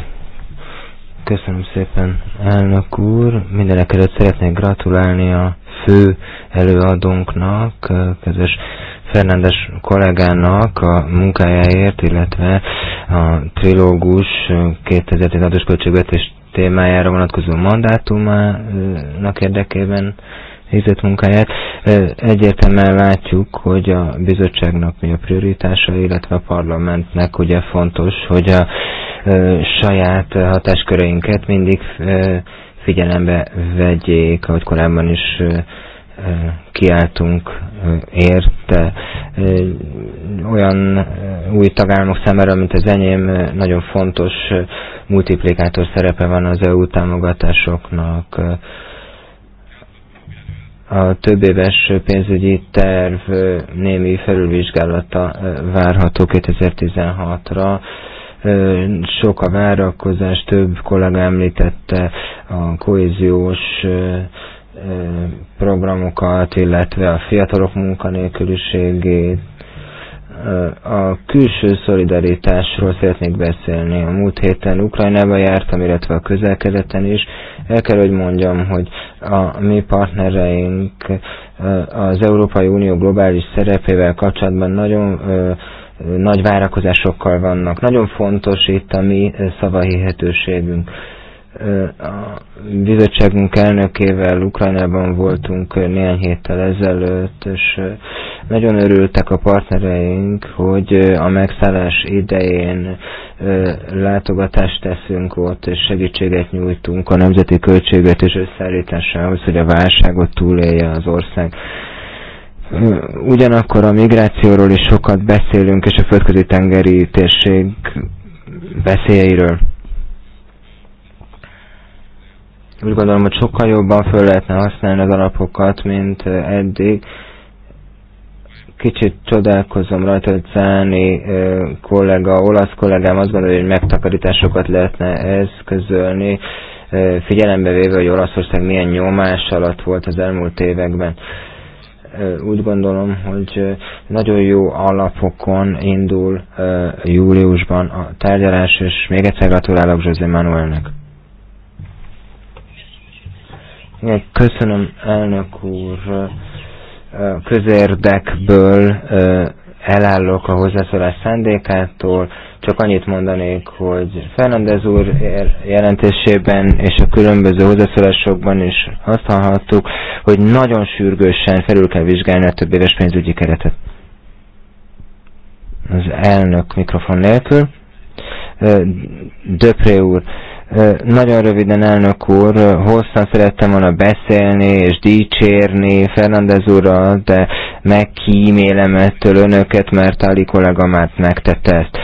Köszönöm szépen, elnök úr. Mindenek előtt szeretnék gratulálni a fő előadónknak, kedves Fernándes kollégának a munkájáért, illetve a trilógus 2016-os költségvetés témájára vonatkozó mandátumának érdekében végzett munkáját. Egyértelműen látjuk, hogy a bizottságnak mi a prioritása, illetve a parlamentnek ugye fontos, hogy a saját hatásköreinket mindig figyelembe vegyék, ahogy korábban is kiáltunk érte. Olyan új tagállamok számára, mint az enyém, nagyon fontos multiplikátor szerepe van az EU támogatásoknak. A több éves pénzügyi terv némi felülvizsgálata várható 2016-ra sok a várakozás, több kollega említette a kohéziós programokat, illetve a fiatalok munkanélküliségét, a külső szolidaritásról szeretnék beszélni. A múlt héten Ukrajnába jártam, illetve a közelkedeten is. El kell, hogy mondjam, hogy a mi partnereink az Európai Unió globális szerepével kapcsolatban nagyon nagy várakozásokkal vannak. Nagyon fontos itt a mi szavahihetőségünk a bizottságunk elnökével Ukrajnában voltunk néhány héttel ezelőtt, és nagyon örültek a partnereink, hogy a megszállás idején látogatást teszünk ott, és segítséget nyújtunk a nemzeti és összeállításához, hogy a válságot túlélje az ország. Ugyanakkor a migrációról is sokat beszélünk, és a földközi tengeri térség beszéljeiről. Úgy gondolom, hogy sokkal jobban föl lehetne használni az alapokat, mint eddig. Kicsit csodálkozom rajta, hogy Záni kollega, olasz kollégám azt gondolja, hogy megtakarításokat lehetne eszközölni, figyelembe véve, hogy Olaszország milyen nyomás alatt volt az elmúlt években úgy gondolom, hogy nagyon jó alapokon indul júliusban a tárgyalás, és még egyszer gratulálok José Manuelnek. Köszönöm, elnök úr. Közérdekből elállok a hozzászólás szándékától. Csak annyit mondanék, hogy Fernandez úr jelentésében és a különböző hozzászólásokban is azt hallhattuk, hogy nagyon sürgősen felül kell vizsgálni a több éves pénzügyi keretet. Az elnök mikrofon nélkül. Döpré úr, nagyon röviden, elnök úr, hosszan szerettem volna beszélni és dicsérni Fernandez úrral, de megkímélem ettől önöket, mert Ali kollega már megtette ezt.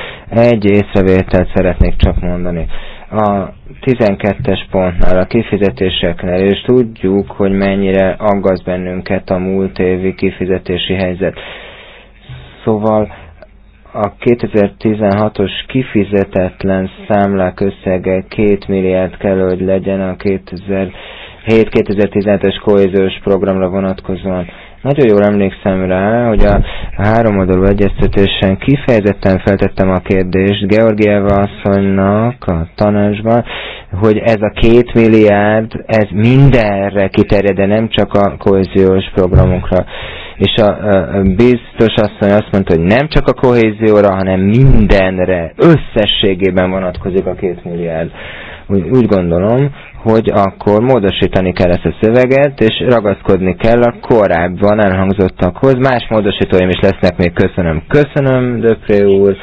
Egy észrevételt szeretnék csak mondani. A 12-es pontnál a kifizetéseknél, és tudjuk, hogy mennyire aggaszt bennünket a múlt évi kifizetési helyzet. Szóval a 2016-os kifizetetlen számlák összege 2 milliárd kell, hogy legyen a 2007-2017-es kohéziós programra vonatkozóan. Nagyon jól emlékszem rá, hogy a háromoldalú egyeztetésen kifejezetten feltettem a kérdést Georgieva asszonynak a tanácsban, hogy ez a két milliárd, ez mindenre kiterjed, de nem csak a kohéziós programokra és a, a, a biztos asszony azt mondta, hogy nem csak a kohézióra, hanem mindenre, összességében vonatkozik a két milliárd. Úgy, úgy gondolom, hogy akkor módosítani kell ezt a szöveget, és ragaszkodni kell a korábban elhangzottakhoz. Más módosítóim is lesznek még, köszönöm. Köszönöm, Döpré úr.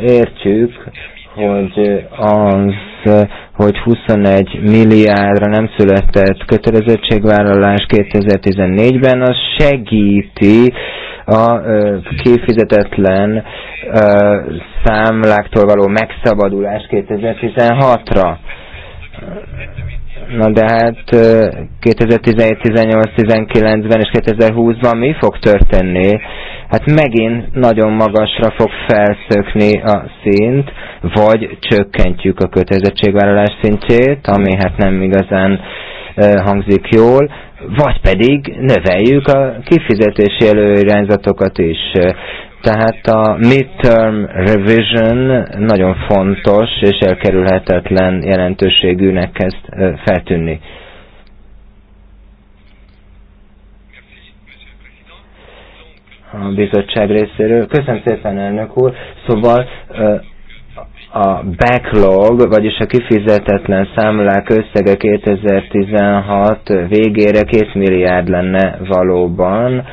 Értjük, hogy az, hogy 21 milliárdra nem született kötelezettségvállalás 2014-ben, az segíti a kifizetetlen számláktól való megszabadulás 2016-ra. Na de hát 2017, 18, 19-ben és 2020-ban mi fog történni? Hát megint nagyon magasra fog felszökni a szint, vagy csökkentjük a kötelezettségvállalás szintjét, ami hát nem igazán hangzik jól, vagy pedig növeljük a kifizetési előirányzatokat is. Tehát a midterm revision nagyon fontos és elkerülhetetlen jelentőségűnek kezd feltűnni. A bizottság részéről. Köszönöm szépen, elnök úr. Szóval a backlog, vagyis a kifizetetlen számlák összege 2016 végére 2 milliárd lenne valóban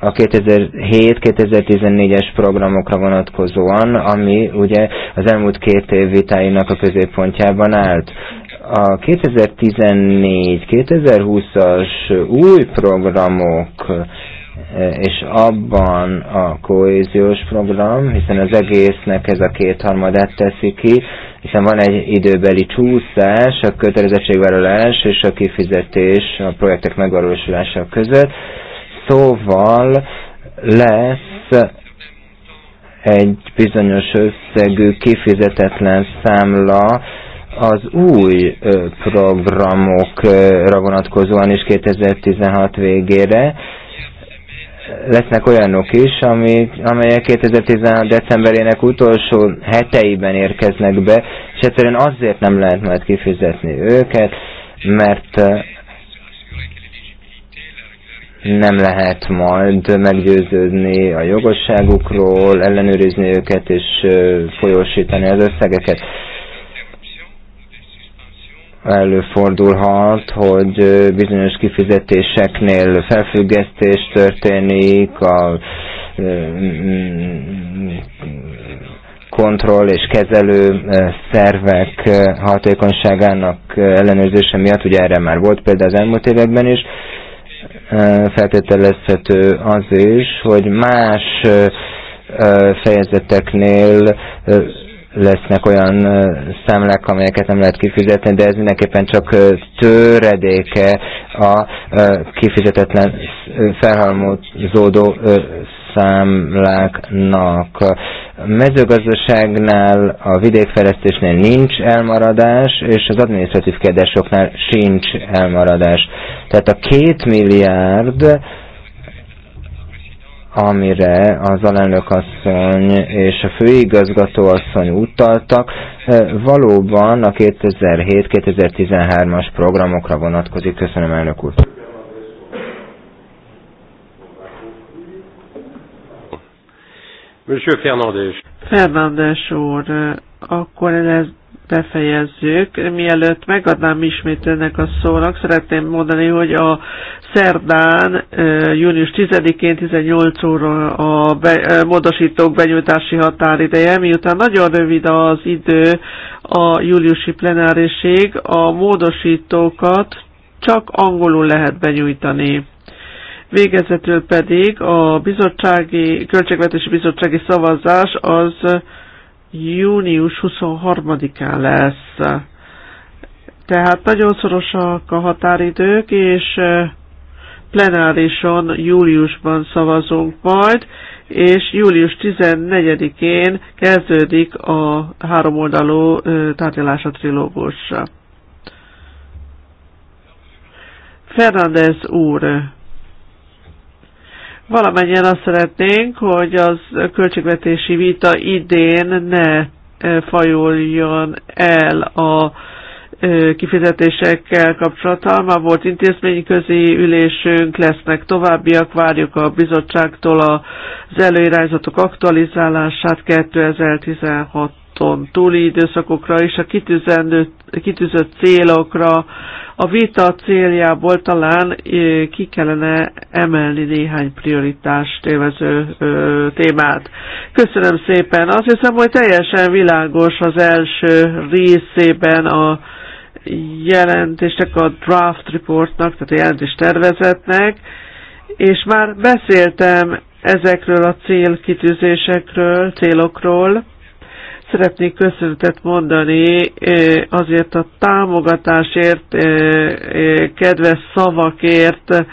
a 2007-2014-es programokra vonatkozóan, ami ugye az elmúlt két év vitáinak a középpontjában állt. A 2014-2020-as új programok Eh, és abban a kohéziós program, hiszen az egésznek ez a kétharmadát teszi ki, hiszen van egy időbeli csúszás, a kötelezettségvállalás és a kifizetés a projektek megvalósulása között, szóval lesz egy bizonyos összegű kifizetetlen számla, az új programokra vonatkozóan is 2016 végére, lesznek olyanok is, ami, amelyek 2016. decemberének utolsó heteiben érkeznek be, és egyszerűen azért nem lehet majd kifizetni őket, mert nem lehet majd meggyőződni a jogosságukról, ellenőrizni őket és folyósítani az összegeket előfordulhat, hogy bizonyos kifizetéseknél felfüggesztés történik, a mm, kontroll és kezelő szervek hatékonyságának ellenőrzése miatt, ugye erre már volt például az elmúlt években is, feltételezhető az is, hogy más fejezeteknél lesznek olyan számlák, amelyeket nem lehet kifizetni, de ez mindenképpen csak töredéke a kifizetetlen felhalmozódó számláknak. A mezőgazdaságnál, a vidékfejlesztésnél nincs elmaradás, és az adminisztratív kérdésoknál sincs elmaradás. Tehát a két milliárd amire az alelnök asszony és a főigazgató asszony utaltak, eh, valóban a 2007-2013-as programokra vonatkozik. Köszönöm, elnök úr. Monsieur Fernandes úr, eh, akkor ez befejezzük. Mielőtt megadnám ismét önnek a szónak, szeretném mondani, hogy a szerdán, június 10-én 18 óra a be, módosítók benyújtási határideje, miután nagyon rövid az idő a júliusi plenáriség a módosítókat csak angolul lehet benyújtani. Végezetül pedig a bizottsági, költségvetési bizottsági szavazás az június 23-án lesz. Tehát nagyon szorosak a határidők, és plenárison júliusban szavazunk majd, és július 14-én kezdődik a háromoldalú tárgyalás a trilógusra. Fernández úr, Valamennyien azt szeretnénk, hogy az költségvetési vita idén ne eh, fajuljon el a eh, kifizetésekkel kapcsolatban. Már volt közi ülésünk, lesznek továbbiak, várjuk a bizottságtól az előirányzatok aktualizálását 2016 ponton túli időszakokra és a kitűzendő, kitűzött célokra a vita céljából talán ki kellene emelni néhány prioritás tévező témát. Köszönöm szépen. Azt hiszem, hogy teljesen világos az első részében a jelentésnek, a draft reportnak, tehát a jelentés tervezetnek, és már beszéltem ezekről a célkitűzésekről, célokról, Szeretnék köszönetet mondani eh, azért a támogatásért, eh, eh, kedves szavakért,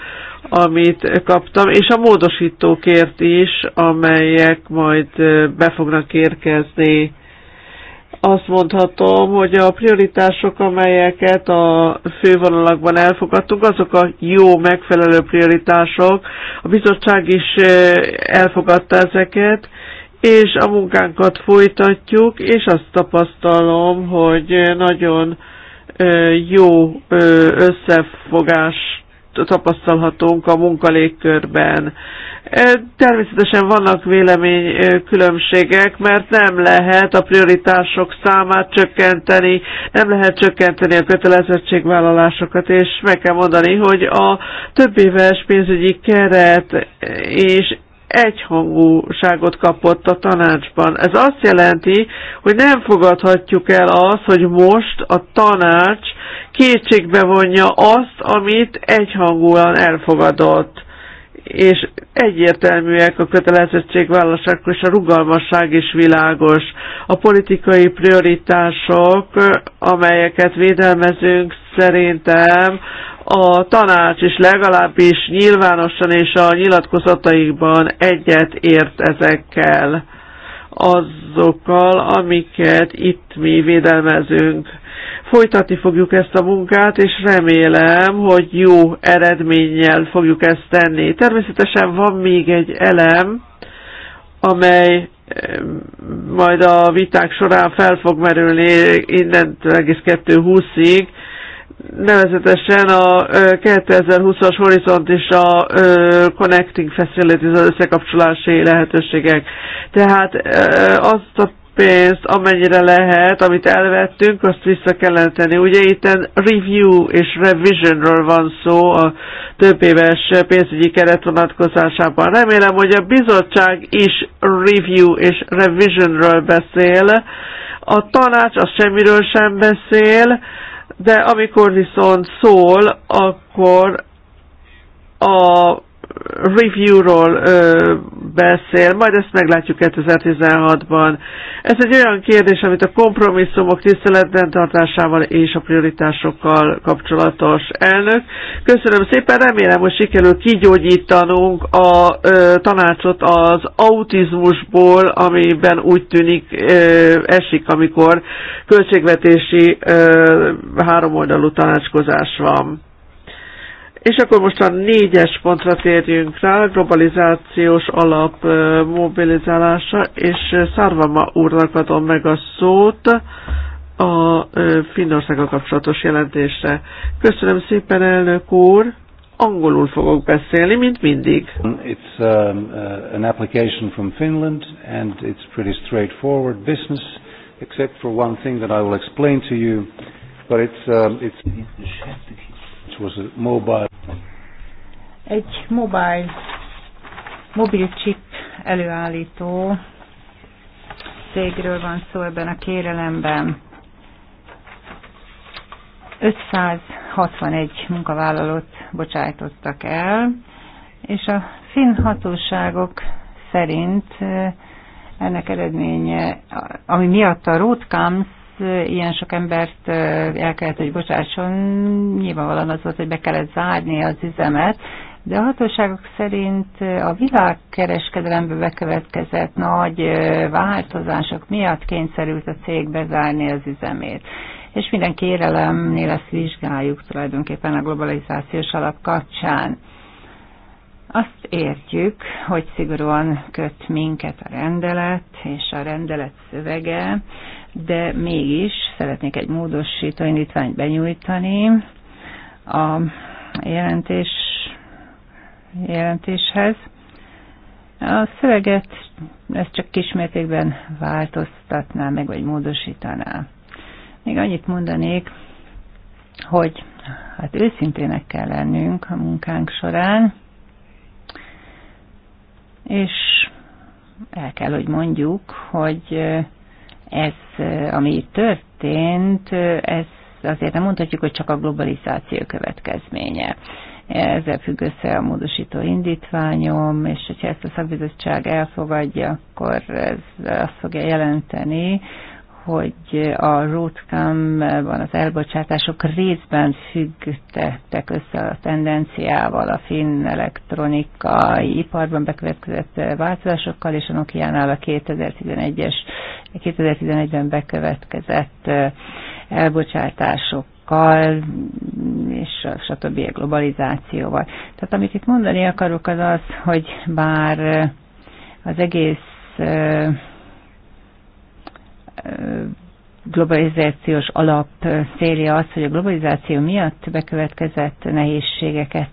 amit kaptam, és a módosítókért is, amelyek majd be fognak érkezni. Azt mondhatom, hogy a prioritások, amelyeket a fővonalakban elfogadtunk, azok a jó, megfelelő prioritások. A bizottság is elfogadta ezeket, és a munkánkat folytatjuk, és azt tapasztalom, hogy nagyon jó összefogást tapasztalhatunk a munkalégkörben. Természetesen vannak véleménykülönbségek, mert nem lehet a prioritások számát csökkenteni, nem lehet csökkenteni a kötelezettségvállalásokat, és meg kell mondani, hogy a több éves pénzügyi keret és egyhangúságot kapott a tanácsban. Ez azt jelenti, hogy nem fogadhatjuk el azt, hogy most a tanács kétségbe vonja azt, amit egyhangúan elfogadott és egyértelműek a akkor is a rugalmasság is világos. A politikai prioritások, amelyeket védelmezünk, szerintem a tanács is legalábbis nyilvánosan és a nyilatkozataikban egyet ért ezekkel azokkal, amiket itt mi védelmezünk Folytatni fogjuk ezt a munkát, és remélem, hogy jó eredménnyel fogjuk ezt tenni. Természetesen van még egy elem, amely majd a viták során fel fog merülni innen egész 2020-ig, nevezetesen a 2020-as horizont és a Connecting Facilities az összekapcsolási lehetőségek. Tehát azt a pénzt, amennyire lehet, amit elvettünk, azt vissza kellene tenni. Ugye itt review és revisionről van szó a több éves pénzügyi keret vonatkozásában. Remélem, hogy a bizottság is review és revisionről beszél, a tanács az semmiről sem beszél, de amikor viszont szól, akkor a review-ról beszél, majd ezt meglátjuk 2016-ban. Ez egy olyan kérdés, amit a kompromisszumok tiszteletben tartásával és a prioritásokkal kapcsolatos elnök. Köszönöm szépen, remélem, hogy sikerül kigyógyítanunk a ö, tanácsot az autizmusból, amiben úgy tűnik ö, esik, amikor költségvetési háromoldalú tanácskozás van. És akkor most a négyes pontra térjünk rá, globalizációs alap mobilizálása, és Szárvama úrnak adom meg a szót a Finnországa kapcsolatos jelentésre. Köszönöm szépen, elnök úr! Angolul fogok beszélni, mint mindig. It's um, uh, an application from Finland, and it's pretty straightforward business, except for one thing that I will explain to you, but it's... Um, it's was a mobile. Egy mobile, mobil chip előállító cégről van szó ebben a kérelemben. 561 munkavállalót bocsájtottak el, és a finn hatóságok szerint eh, ennek eredménye, ami miatt a Rotkams ilyen sok embert el kellett, hogy bocsásson, nyilvánvalóan az volt, hogy be kellett zárni az üzemet, de a hatóságok szerint a világkereskedelembe bekövetkezett nagy változások miatt kényszerült a cég bezárni az üzemét. És minden kérelemnél ezt vizsgáljuk tulajdonképpen a globalizációs alap kapcsán. Azt értjük, hogy szigorúan köt minket a rendelet és a rendelet szövege, de mégis szeretnék egy módosító indítványt benyújtani a jelentés, jelentéshez. A szöveget ezt csak kismértékben változtatná meg, vagy módosítaná. Még annyit mondanék, hogy hát őszintének kell lennünk a munkánk során, és el kell, hogy mondjuk, hogy ez, eh, ami itt történt, eh, ez azért nem mondhatjuk, hogy csak a globalizáció következménye. Ezzel függ össze a módosító indítványom, és hogyha ezt a szakbizottság elfogadja, akkor ez azt fogja jelenteni, hogy a rótkám van az elbocsátások részben függtettek össze a tendenciával, a finn elektronikai iparban bekövetkezett változásokkal, és a Nokia-nál a 2011-es, 2011-ben bekövetkezett elbocsátások kal, és stb. globalizációval. Tehát amit itt mondani akarok az az, hogy bár az egész ö, globalizációs alap célja az, hogy a globalizáció miatt bekövetkezett nehézségeket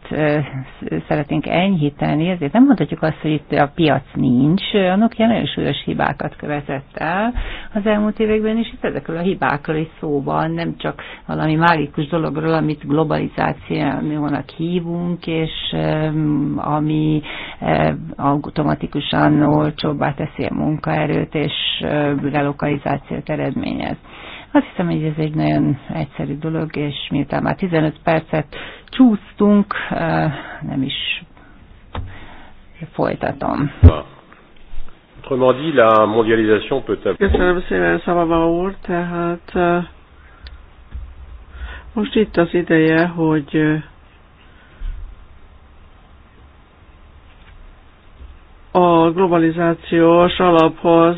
szeretnénk enyhíteni, ezért nem mondhatjuk azt, hogy itt a piac nincs, annak ilyen nagyon súlyos hibákat követett el az elmúlt években, és itt ezekről a hibákról is szó van, nem csak valami mágikus dologról, amit globalizációnak hívunk, és ami automatikusan olcsóbbá teszi a munkaerőt, és relokalizációt eredményez. Azt hiszem, hogy ez egy nagyon egyszerű dolog, és miután már 15 percet csúsztunk, nem is folytatom. Autrement dit, la mondialisation peut Köszönöm szépen, Szabava úr, tehát most itt az ideje, hogy a globalizációs alaphoz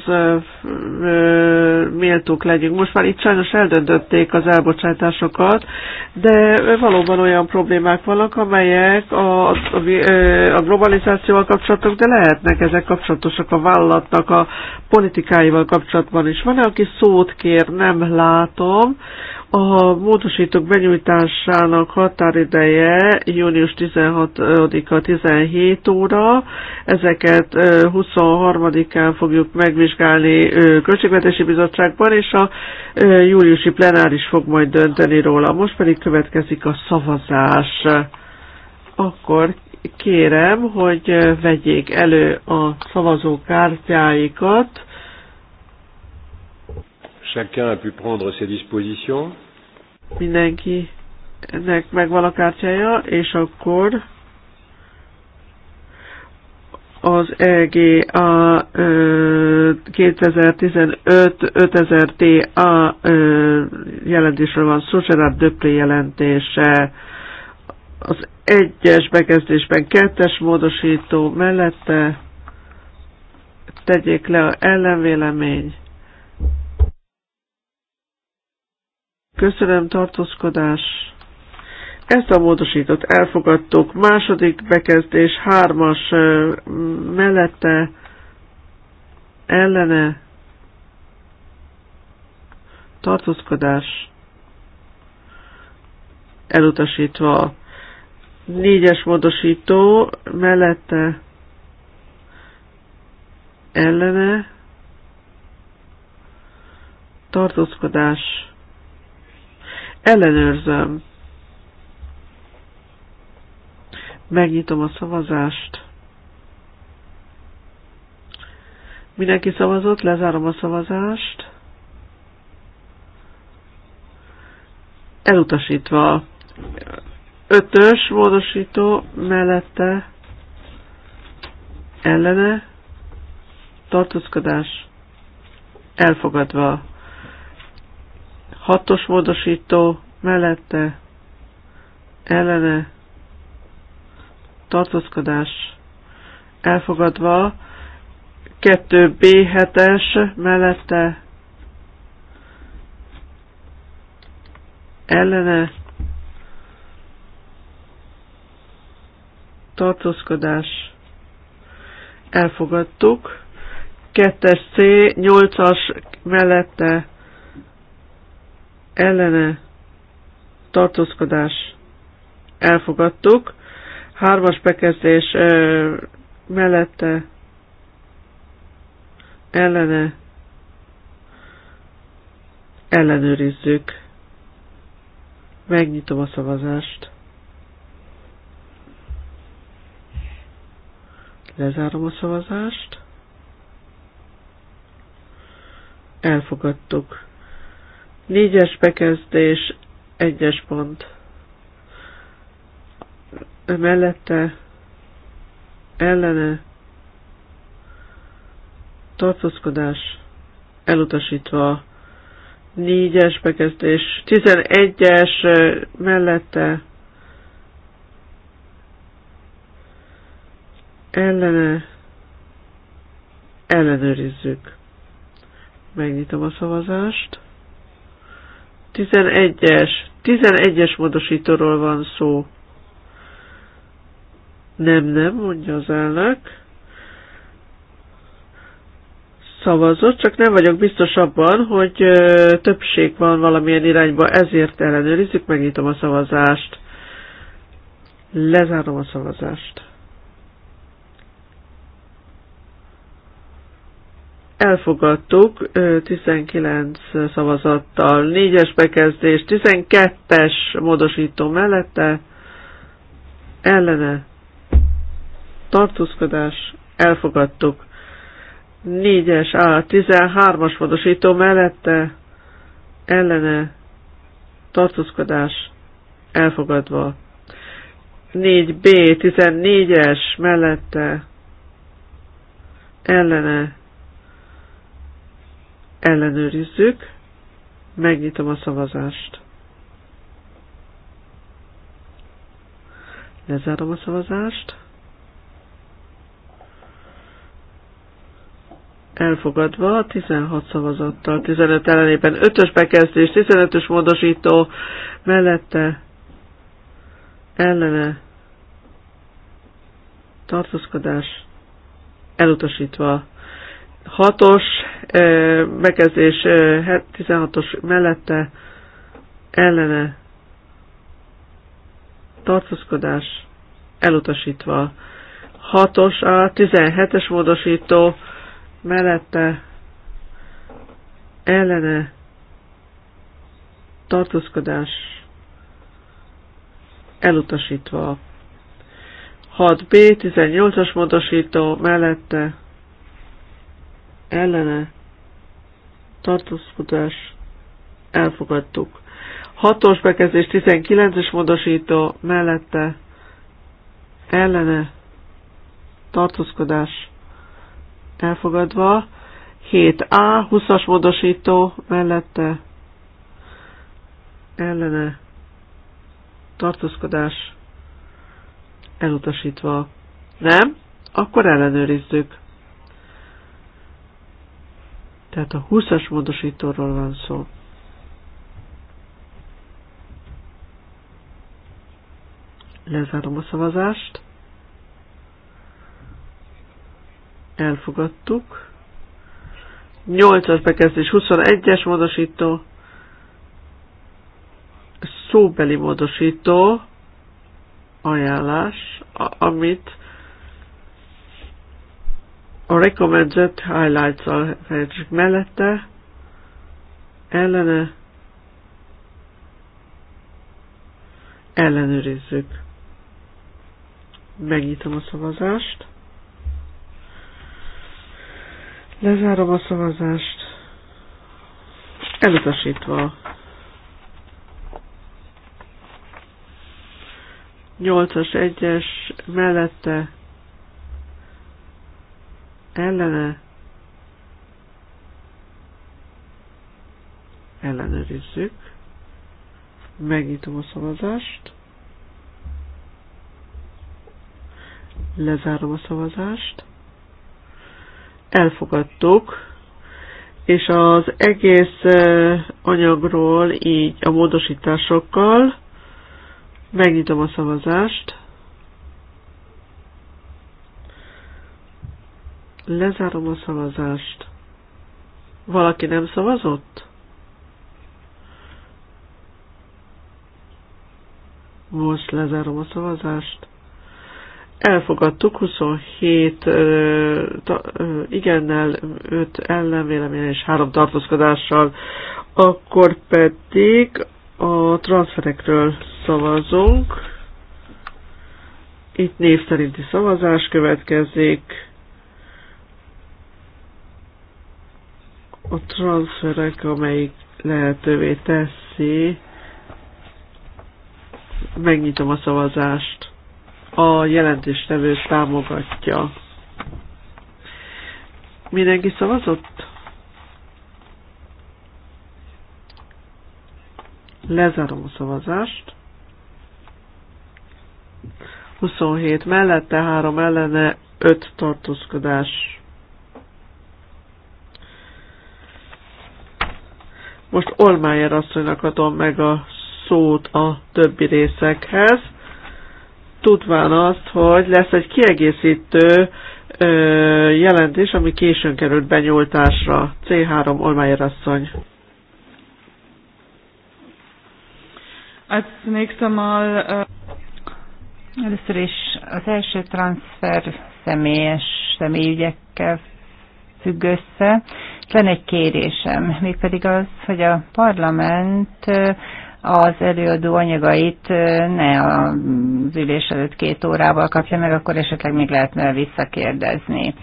méltók legyünk. Most már itt sajnos eldöntötték az elbocsátásokat, de valóban olyan problémák vannak, amelyek a, a, a globalizációval kapcsolatok, de lehetnek ezek kapcsolatosak a vállalatnak a politikáival kapcsolatban is. Van-e, aki szót kér? Nem látom. A módosítók benyújtásának határideje június 16-a 17 óra. Ezeket 23-án fogjuk megvizsgálni Költségvetési Bizottságban, és a júliusi plenáris fog majd dönteni róla. Most pedig következik a szavazás. Akkor kérem, hogy vegyék elő a szavazókártyáikat Chacun a pu prendre ses dispositions. ennek megvan a kártyája, és akkor az EGA 2015-5000TA jelentésről van szó, Gerard Döpré jelentése az egyes bekezdésben kettes módosító mellette tegyék le a ellenvélemény Köszönöm, tartózkodás. Ezt a módosított elfogadtuk. Második bekezdés, hármas mellette, ellene, tartózkodás, elutasítva. Négyes módosító, mellette, ellene, tartózkodás, ellenőrzöm. Megnyitom a szavazást. Mindenki szavazott, lezárom a szavazást. Elutasítva. Ötös módosító mellette ellene tartózkodás elfogadva. Hatos módosító mellette ellene tartózkodás elfogadva, 2B7-es mellette ellene tartózkodás elfogadtuk, 2 C, 8-as mellette ellene tartózkodás elfogadtuk, hármas bekezdés ö, mellette ellene ellenőrizzük. Megnyitom a szavazást. Lezárom a szavazást. Elfogadtuk. Négyes bekezdés, egyes pont. Mellette, ellene, tartózkodás, elutasítva. Négyes bekezdés, tizenegyes mellette, ellene, ellenőrizzük. Megnyitom a szavazást. 11-es. 11-es módosítóról van szó. Nem, nem, mondja az elnök. Szavazott, csak nem vagyok biztos abban, hogy ö, többség van valamilyen irányba, ezért ellenőrizzük, megnyitom a szavazást. Lezárom a szavazást. elfogadtuk 19 szavazattal. 4-es bekezdés, 12-es módosító mellette, ellene tartózkodás, elfogadtuk. 4-es A, 13-as módosító mellette, ellene tartózkodás, elfogadva. 4B, 14-es mellette, ellene ellenőrizzük, megnyitom a szavazást. Lezárom a szavazást. Elfogadva 16 szavazattal, 15 ellenében 5-ös bekezdés, 15-ös módosító mellette ellene tartózkodás elutasítva 16-os bekezdés 16-os mellette ellene tartózkodás elutasítva. 6-os a 17-es módosító mellette ellene tartózkodás elutasítva. 6b 18-as módosító mellette ellene tartózkodás elfogadtuk. Hatos bekezdés 19-es módosító mellette ellene tartózkodás elfogadva. 7A 20-as módosító mellette ellene tartózkodás elutasítva. Nem? Akkor ellenőrizzük. Tehát a 20-as módosítóról van szó. Lezárom a szavazást. Elfogadtuk. 8-as bekezdés, 21-es módosító, szóbeli módosító, ajánlás, amit a Recommended Highlights-al fejtsük mellette, ellene, ellenőrizzük. Megnyitom a szavazást. Lezárom a szavazást. Elutasítva. 8-as, 1-es mellette ellene ellenőrizzük. Megnyitom a szavazást. Lezárom a szavazást. Elfogadtuk, és az egész anyagról így a módosításokkal megnyitom a szavazást. Lezárom a szavazást. Valaki nem szavazott? Most lezárom a szavazást. Elfogadtuk 27 ö, ta, ö, igennel, 5 ellenvélemény és 3 tartózkodással. Akkor pedig a transferekről szavazunk. Itt név szerinti szavazás következik. a transferek, amelyik lehetővé teszi, megnyitom a szavazást. A jelentéstevő támogatja. Mindenki szavazott? Lezárom a szavazást. 27 mellette, 3 ellene, 5 tartózkodás Most Olmájer asszonynak adom meg a szót a többi részekhez, tudván azt, hogy lesz egy kiegészítő ö, jelentés, ami későn került benyújtásra. C3 Olmájer asszony. Zunächst einmal, először is az első transfer személyes személyügyekkel függ össze. Van egy kérésem, mégpedig az, hogy a parlament az előadó anyagait ne az ülés előtt két órával kapja meg, akkor esetleg még lehetne visszakérdezni.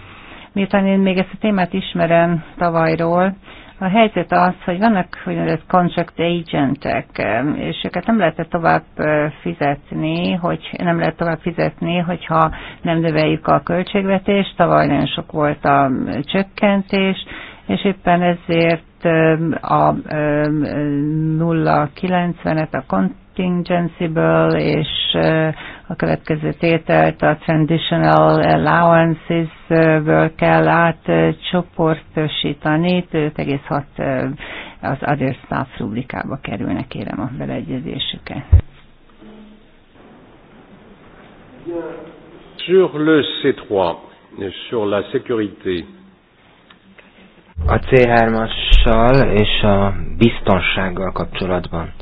Miután én még ezt a témát ismerem tavalyról, a helyzet az, hogy vannak úgynevezett contract agentek, és őket nem lehet tovább fizetni, hogy nem lehet tovább fizetni, hogyha nem növeljük a költségvetést. Tavaly nagyon sok volt a csökkentés, és éppen ezért a 0,90-et a contingency-ből és a következő tételt a transitional allowances-ből kell átcsoportosítani, 5,6 az other staff rubrikába kerülnek, kérem a beleegyezésüket. Sur le C3, sur la sécurité, a C3-assal és a biztonsággal kapcsolatban.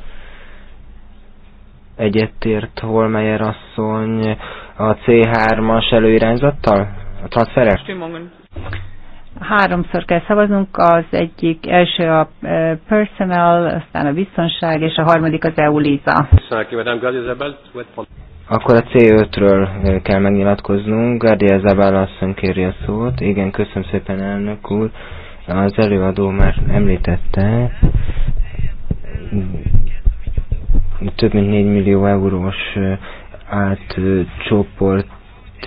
Egyetért Holmeyer asszony a C3-as előirányzattal? A transferes? Háromszor kell szavaznunk, az egyik első a e, personal, aztán a biztonság, és a harmadik az eu Liza. Akkor a C5-ről kell megnyilatkoznunk. Gárdia Zabál asszony kéri a szót. Igen, köszönöm szépen, elnök úr. Szóval az előadó már említette, több mint 4 millió eurós átcsoport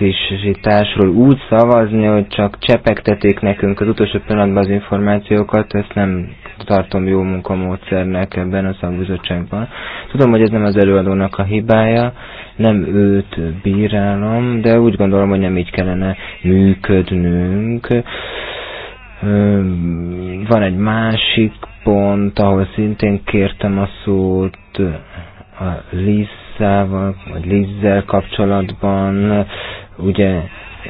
értesítésről úgy szavazni, hogy csak csepegtetik nekünk az utolsó pillanatban az információkat, ezt nem tartom jó munkamódszernek ebben a szakbizottságban. Tudom, hogy ez nem az előadónak a hibája, nem őt bírálom, de úgy gondolom, hogy nem így kellene működnünk. Van egy másik pont, ahol szintén kértem a szót a Lisszával, vagy Lizzel kapcsolatban. Ugye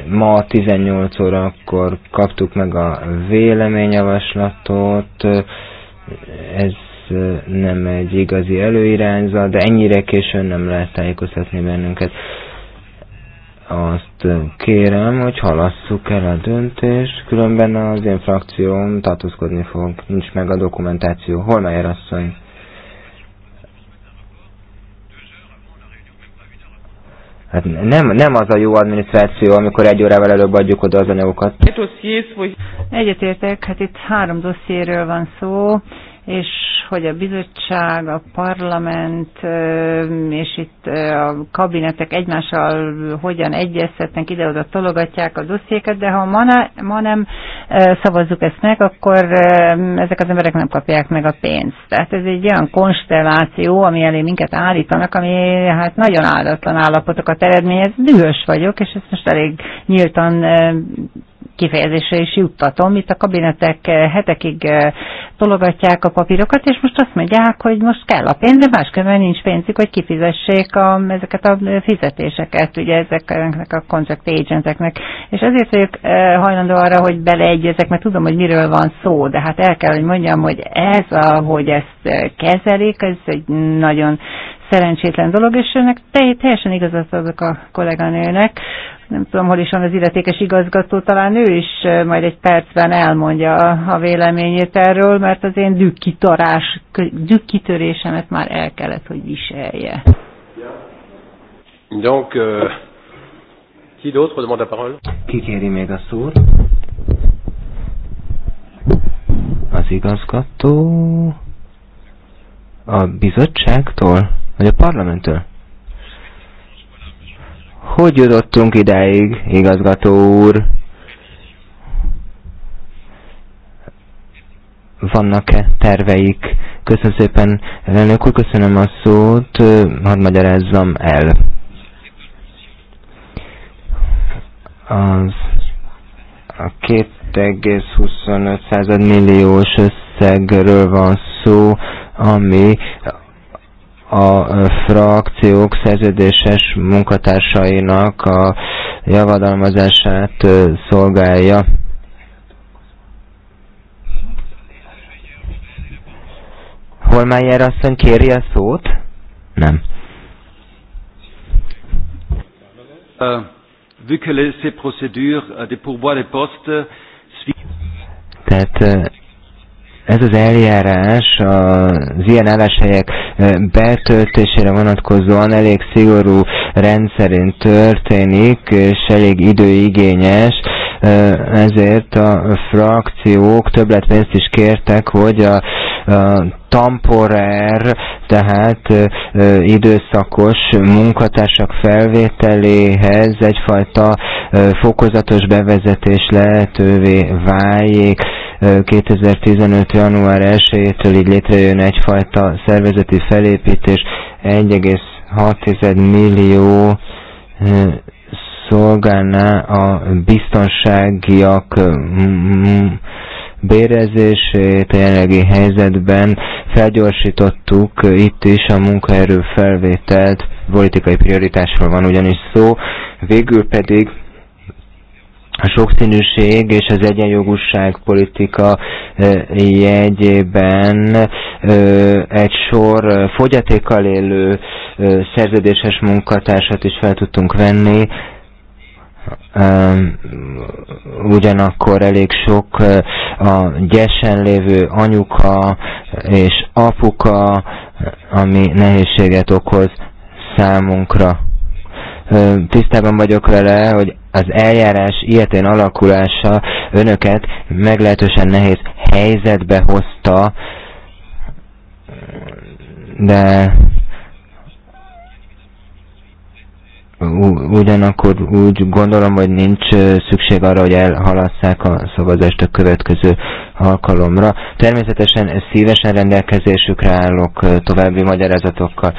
ma 18 órakor kaptuk meg a véleményjavaslatot, ez nem egy igazi előirányzat, de ennyire későn nem lehet tájékoztatni bennünket azt kérem, hogy halasszuk el a döntést, különben az én frakcióm tartózkodni fog, nincs meg a dokumentáció. hol Holmeyer asszony. Hát nem, nem az a jó adminisztráció, amikor egy órával előbb adjuk oda az anyagokat. Egyetértek, hát itt három dossziéről van szó, és hogy a bizottság, a parlament és itt a kabinetek egymással hogyan egyeztetnek, ide-oda tologatják a dossziéket, de ha ma, ne, ma nem szavazzuk ezt meg, akkor ezek az emberek nem kapják meg a pénzt. Tehát ez egy olyan konstelláció, ami elé minket állítanak, ami hát nagyon áldatlan állapotokat eredményez. Dühös vagyok, és ezt most elég nyíltan kifejezésre is juttatom. Itt a kabinetek eh, hetekig eh, tologatják a papírokat, és most azt mondják, hogy most kell a pénz, de máskülönben nincs pénzük, hogy kifizessék a, ezeket a eh, fizetéseket, ugye ezeknek a contract agenteknek. És ezért vagyok hajlandó arra, hogy beleegyezek, mert tudom, hogy miről van szó, de hát el kell, hogy mondjam, hogy ez, ahogy ezt kezelik, ez egy nagyon szerencsétlen dolog, és ennek teljesen igazat azok a kolléganőnek. Nem tudom, hol is van az illetékes igazgató, talán ő is majd egy percben elmondja a véleményét erről, mert az én dükkitörés, dükkitörésemet már el kellett, hogy viselje. Donc, euh, qui d'autre demande la parole Ki kéri még a szót? Az igazgató a bizottságtól? Vagy a parlamenttől? Hogy jutottunk ideig, igazgató úr? Vannak-e terveik? Köszönöm szépen, elnök úr, köszönöm a szót, hadd magyarázzam el. Az a 2,25 milliós összegről van szó, ami a frakciók szerződéses munkatársainak a javadalmazását szolgálja. Holmeyer asszony kéri a szót? Nem. Uh, vu que les, procédures de euh, pourvoi des poste. Tehát ez az eljárás az ilyen álláshelyek betöltésére vonatkozóan elég szigorú rendszerint történik, és elég időigényes, ezért a frakciók többletpénzt is kértek, hogy a, a temporer, tehát ö, időszakos munkatársak felvételéhez egyfajta ö, fokozatos bevezetés lehetővé váljék. 2015. január 1-től így létrejön egyfajta szervezeti felépítés, 1,6 millió szolgálná a biztonságiak bérezését a jelenlegi helyzetben. Felgyorsítottuk itt is a munkaerő felvételt, politikai prioritásról van ugyanis szó. Végül pedig a sokszínűség és az egyenjogúság politika jegyében egy sor fogyatékkal élő szerződéses munkatársat is fel tudtunk venni, ugyanakkor elég sok a gyesen lévő anyuka és apuka, ami nehézséget okoz számunkra tisztában vagyok vele, hogy az eljárás ilyetén alakulása önöket meglehetősen nehéz helyzetbe hozta, de ugyanakkor úgy gondolom, hogy nincs szükség arra, hogy elhalasszák a szavazást a következő alkalomra. Természetesen szívesen rendelkezésükre állok további magyarázatokkal.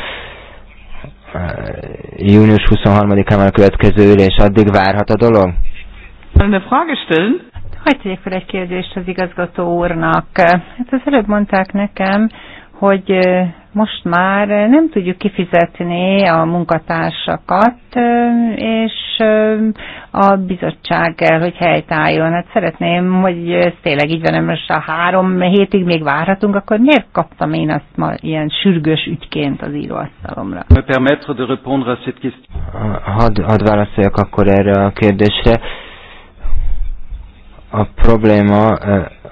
Eh, június 23-án a következő ülés, addig várhat a dolog? Hogy tegyek fel egy kérdést az igazgató úrnak. Hát az előbb mondták nekem, hogy most már nem tudjuk kifizetni a munkatársakat, és a bizottság kell, hogy helytálljon. Hát szeretném, hogy ez tényleg így van, most a három hétig még várhatunk, akkor miért kaptam én azt ma ilyen sürgős ügyként az íróasztalomra? Hadd had válaszoljak akkor erre a kérdésre. A probléma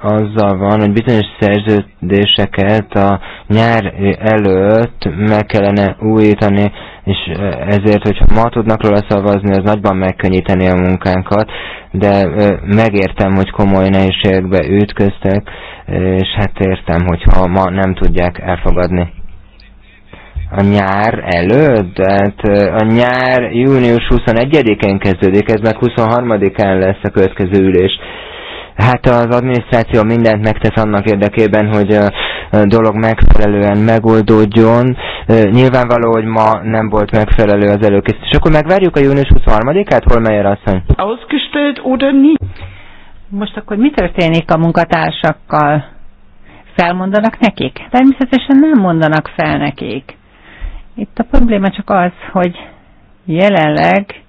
azzal van, hogy bizonyos szerződéseket a nyár előtt meg kellene újítani, és ezért, hogyha ma tudnak róla szavazni, az nagyban megkönnyíteni a munkánkat, de megértem, hogy komoly nehézségekbe ütköztek, és hát értem, hogyha ma nem tudják elfogadni. A nyár előtt? Hát a nyár június 21-én kezdődik, ez meg 23-án lesz a következő ülés. Hát az adminisztráció mindent megtesz annak érdekében, hogy a dolog megfelelően megoldódjon. Nyilvánvaló, hogy ma nem volt megfelelő az előkészítés. Akkor megvárjuk a június 23-át, hol Meyer asszony? Ausgestellt oder nie? Most akkor mi történik a munkatársakkal? Felmondanak nekik? Természetesen nem mondanak fel nekik. Itt a probléma csak az, hogy jelenleg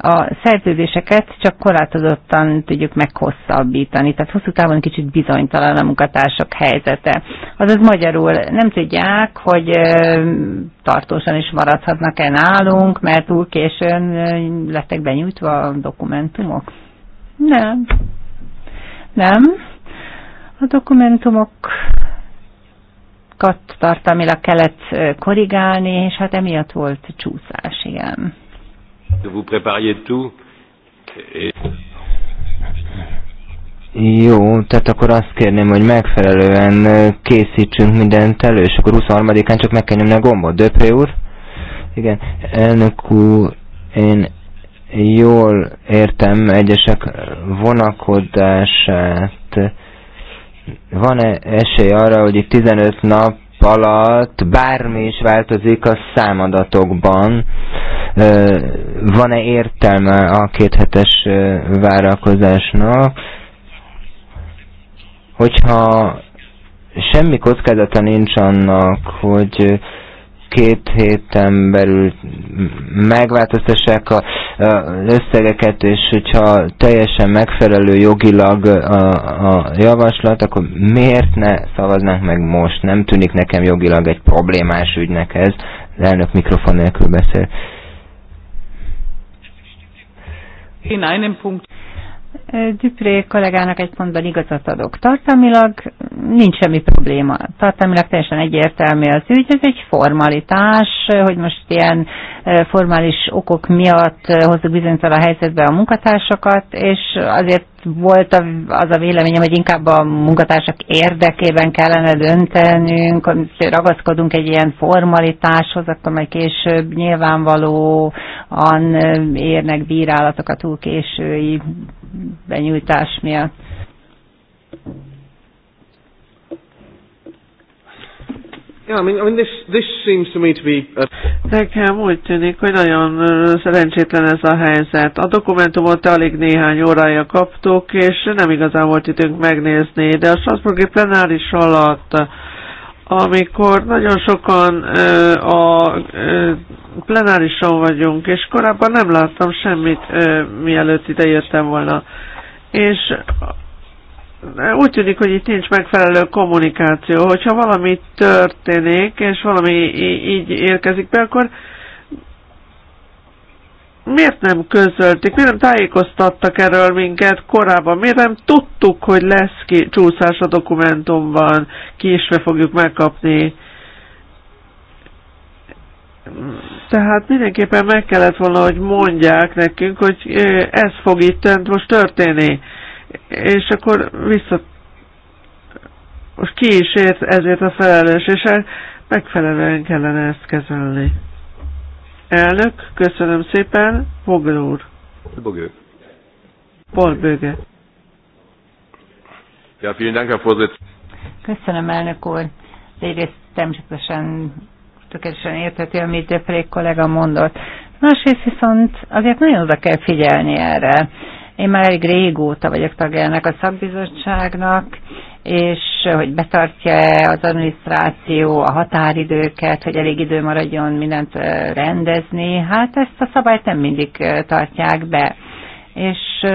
a szerződéseket csak korlátozottan tudjuk meghosszabbítani, tehát hosszú távon kicsit bizonytalan a munkatársak helyzete. Azaz magyarul nem tudják, hogy tartósan is maradhatnak-e nálunk, mert túl későn lettek benyújtva a dokumentumok? Nem. Nem. A dokumentumokat tartalmilag kellett korrigálni, és hát emiatt volt csúszás, igen. Vous prépariez tout. Et... Jó, tehát akkor azt kérném, hogy megfelelően készítsünk mindent elő, és akkor 23-án csak meg kell nyomni a gombot. Döpré úr? Igen, elnök úr, én jól értem egyesek vonakodását. Van-e esély arra, hogy itt 15 nap alatt bármi is változik a számadatokban, van-e értelme a kéthetes várakozásnak, hogyha semmi kockázata nincs annak, hogy két héten belül megváltoztassák a, összegeket, és hogyha teljesen megfelelő jogilag a, a javaslat, akkor miért ne szavaznánk meg most? Nem tűnik nekem jogilag egy problémás ügynek ez. Az elnök mikrofon nélkül beszél. In einem Punkt. Dupré kollégának egy pontban igazat adok. Tartalmilag nincs semmi probléma. Tartalmilag teljesen egyértelmű az ügy, ez egy formalitás, hogy most ilyen eh, formális okok miatt eh, hozzuk bizonytalan helyzetbe a munkatársakat, és azért volt az a véleményem, hogy inkább a munkatársak érdekében kellene döntenünk, hogy ragaszkodunk egy ilyen formalitáshoz, akkor majd később nyilvánvalóan eh, érnek bírálatokat túl késői benyújtás miatt. Yeah, I mean, I mean, this this seems to me to be. A... Nekem úgy tűnik, hogy nagyon szerencsétlen ez a helyzet. A dokumentumot alig néhány órája kaptuk, és nem igazán volt időnk megnézni, de a Strasburgi plenáris alatt amikor nagyon sokan ö, a ö, plenárison vagyunk, és korábban nem láttam semmit, ö, mielőtt ide jöttem volna. És úgy tűnik, hogy itt nincs megfelelő kommunikáció. Hogyha valami történik, és valami így érkezik be, akkor miért nem közölték, miért nem tájékoztattak erről minket korábban, miért nem tudtuk, hogy lesz ki csúszás a dokumentumban, késve fogjuk megkapni. Tehát mindenképpen meg kellett volna, hogy mondják nekünk, hogy ez fog itt most történni. És akkor vissza... Most ki is ért ezért a felelős, és megfelelően kellene ezt kezelni. Elnök, köszönöm szépen. Bogor úr. Bogő. Paul Böge. Ja, vielen Dank, Herr Vorsitz. Köszönöm, elnök úr. Egyrészt természetesen tökéletesen érthető, amit Döprék kollega mondott. Másrészt viszont azért nagyon oda kell figyelni erre. Én már elég régóta vagyok tagja ennek a szakbizottságnak, és eh, hogy betartja-e az adminisztráció a határidőket, hogy elég idő maradjon mindent eh, rendezni, hát ezt a szabályt nem mindig eh, tartják be és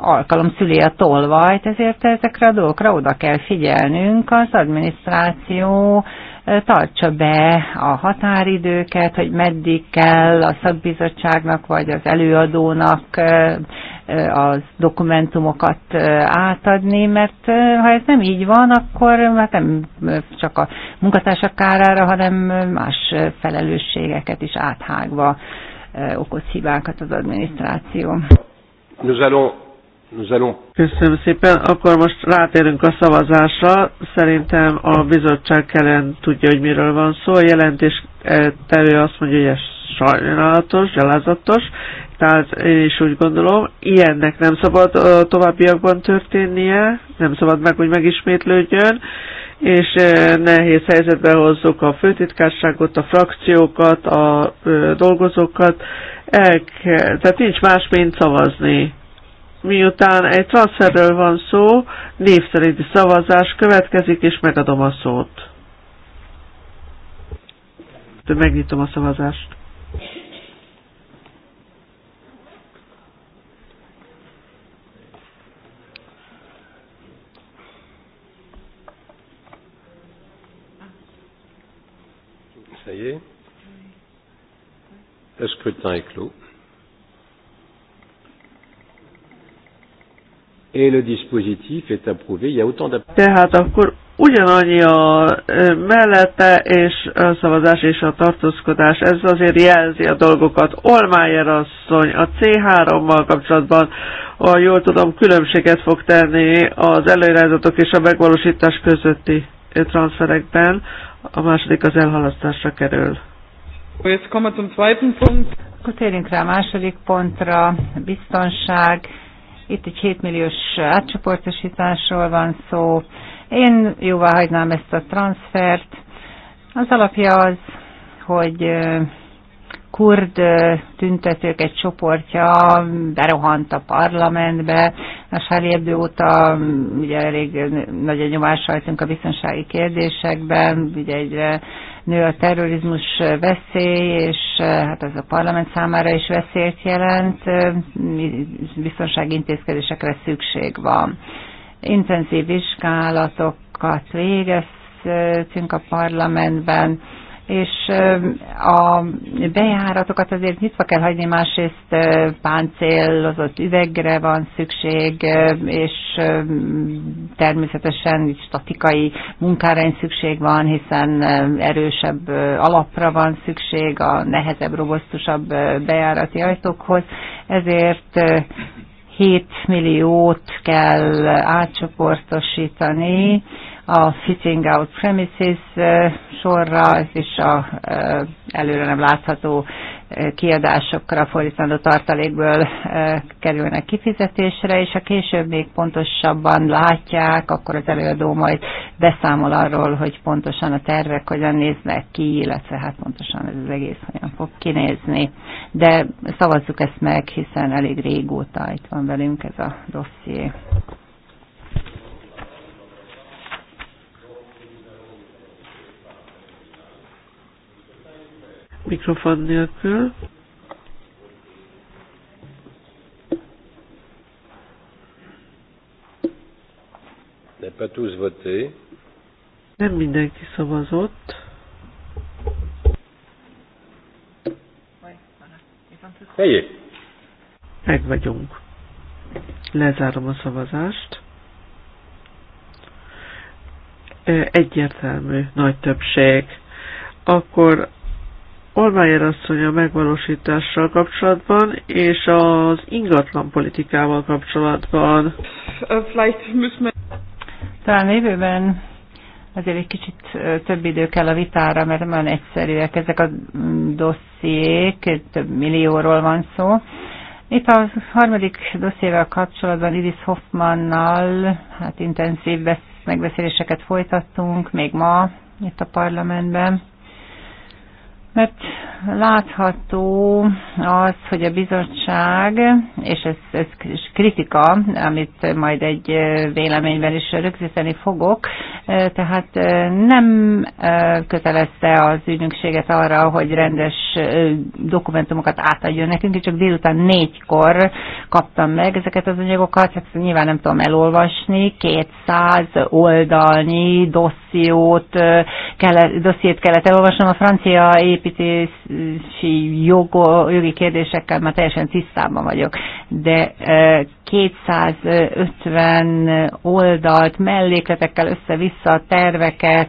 alkalom szüli a tolvajt, ezért ezekre a dolgokra oda kell figyelnünk. Az adminisztráció tartsa be a határidőket, hogy meddig kell a szakbizottságnak vagy az előadónak a dokumentumokat átadni, mert ha ez nem így van, akkor hát nem csak a munkatársak kárára, hanem más felelősségeket is áthágva okoz hibákat az adminisztráció. Nous allons Nous allons. Köszönöm szépen. Akkor most rátérünk a szavazásra. Szerintem a bizottság kellen tudja, hogy miről van szó. A jelentés e, terő azt mondja, hogy ez sajnálatos, gyalázatos. Tehát én is úgy gondolom, ilyennek nem szabad uh, továbbiakban történnie, nem szabad meg, hogy megismétlődjön, és e, nehéz helyzetbe hozzuk a főtitkárságot, a frakciókat, a dolgozókat. El tehát nincs más, mint szavazni miután egy transferről van szó, név szerinti szavazás következik, és megadom a szót. De Megnyitom a szavazást. Ça y est. Le temps est clos. Tehát akkor ugyanannyi a mellette és a szavazás és a tartózkodás. Ez azért jelzi a dolgokat. Olmájer asszony a C3-mal kapcsolatban, a jól tudom, különbséget fog tenni az előrejelzatok és a megvalósítás közötti transferekben. A második az elhalasztásra kerül. Akkor térjünk rá a második pontra, biztonság. Itt egy 7 milliós átcsoportosításról van szó. Én jóvá hagynám ezt a transfert. Az alapja az, hogy kurd tüntetők egy csoportja berohant a parlamentbe. A Sárjébdő óta ugye elég nagy a nyomás a biztonsági kérdésekben, ugye egyre nő a terrorizmus veszély, és eh, hát az a parlament számára is veszélyt jelent, eh, biztonsági intézkedésekre szükség van. Intenzív vizsgálatokat végeztünk a parlamentben, és a bejáratokat azért nyitva kell hagyni, másrészt páncélozott üvegre van szükség, és természetesen statikai munkára is szükség van, hiszen erősebb alapra van szükség a nehezebb, robosztusabb bejárati ajtókhoz, ezért 7 milliót kell átcsoportosítani, a fitting out premises eh, sorra, ez is a eh, előre nem látható eh, kiadásokra fordítandó tartalékből kerülnek kifizetésre, és ha később még pontosabban látják, akkor az előadó majd beszámol arról, hogy pontosan a tervek hogyan néznek ki, illetve hát pontosan ez az egész hogyan fog kinézni. De szavazzuk ezt meg, hiszen elég régóta itt van velünk ez a dosszié. Mikrofon nélkül. Nem mindenki szavazott. Helyé! Meg vagyunk. Lezárom a szavazást. Egyértelmű, nagy többség. Akkor Olmájer asszony a megvalósítással kapcsolatban és az ingatlan politikával kapcsolatban. Talán jövőben azért egy kicsit több idő kell a vitára, mert nagyon egyszerűek ezek a mm, dossziék, több millióról van szó. Itt a harmadik dossziével kapcsolatban Idis Hoffmannal hát intenzív megbeszéléseket folytattunk, még ma itt a parlamentben mert látható az, hogy a bizottság, és ez, ez kritika, amit majd egy véleményben is rögzíteni fogok, tehát nem kötelezte az ügynökséget arra, hogy rendes dokumentumokat átadjon nekünk, és csak délután négykor kaptam meg ezeket az anyagokat, hát nyilván nem tudom elolvasni, 200 oldalnyi dossziót, kellett, dossziét kellett elolvasnom, a francia építésre, építési jogo, jogi kérdésekkel már teljesen tisztában vagyok, de 250 oldalt, mellékletekkel össze-vissza terveket,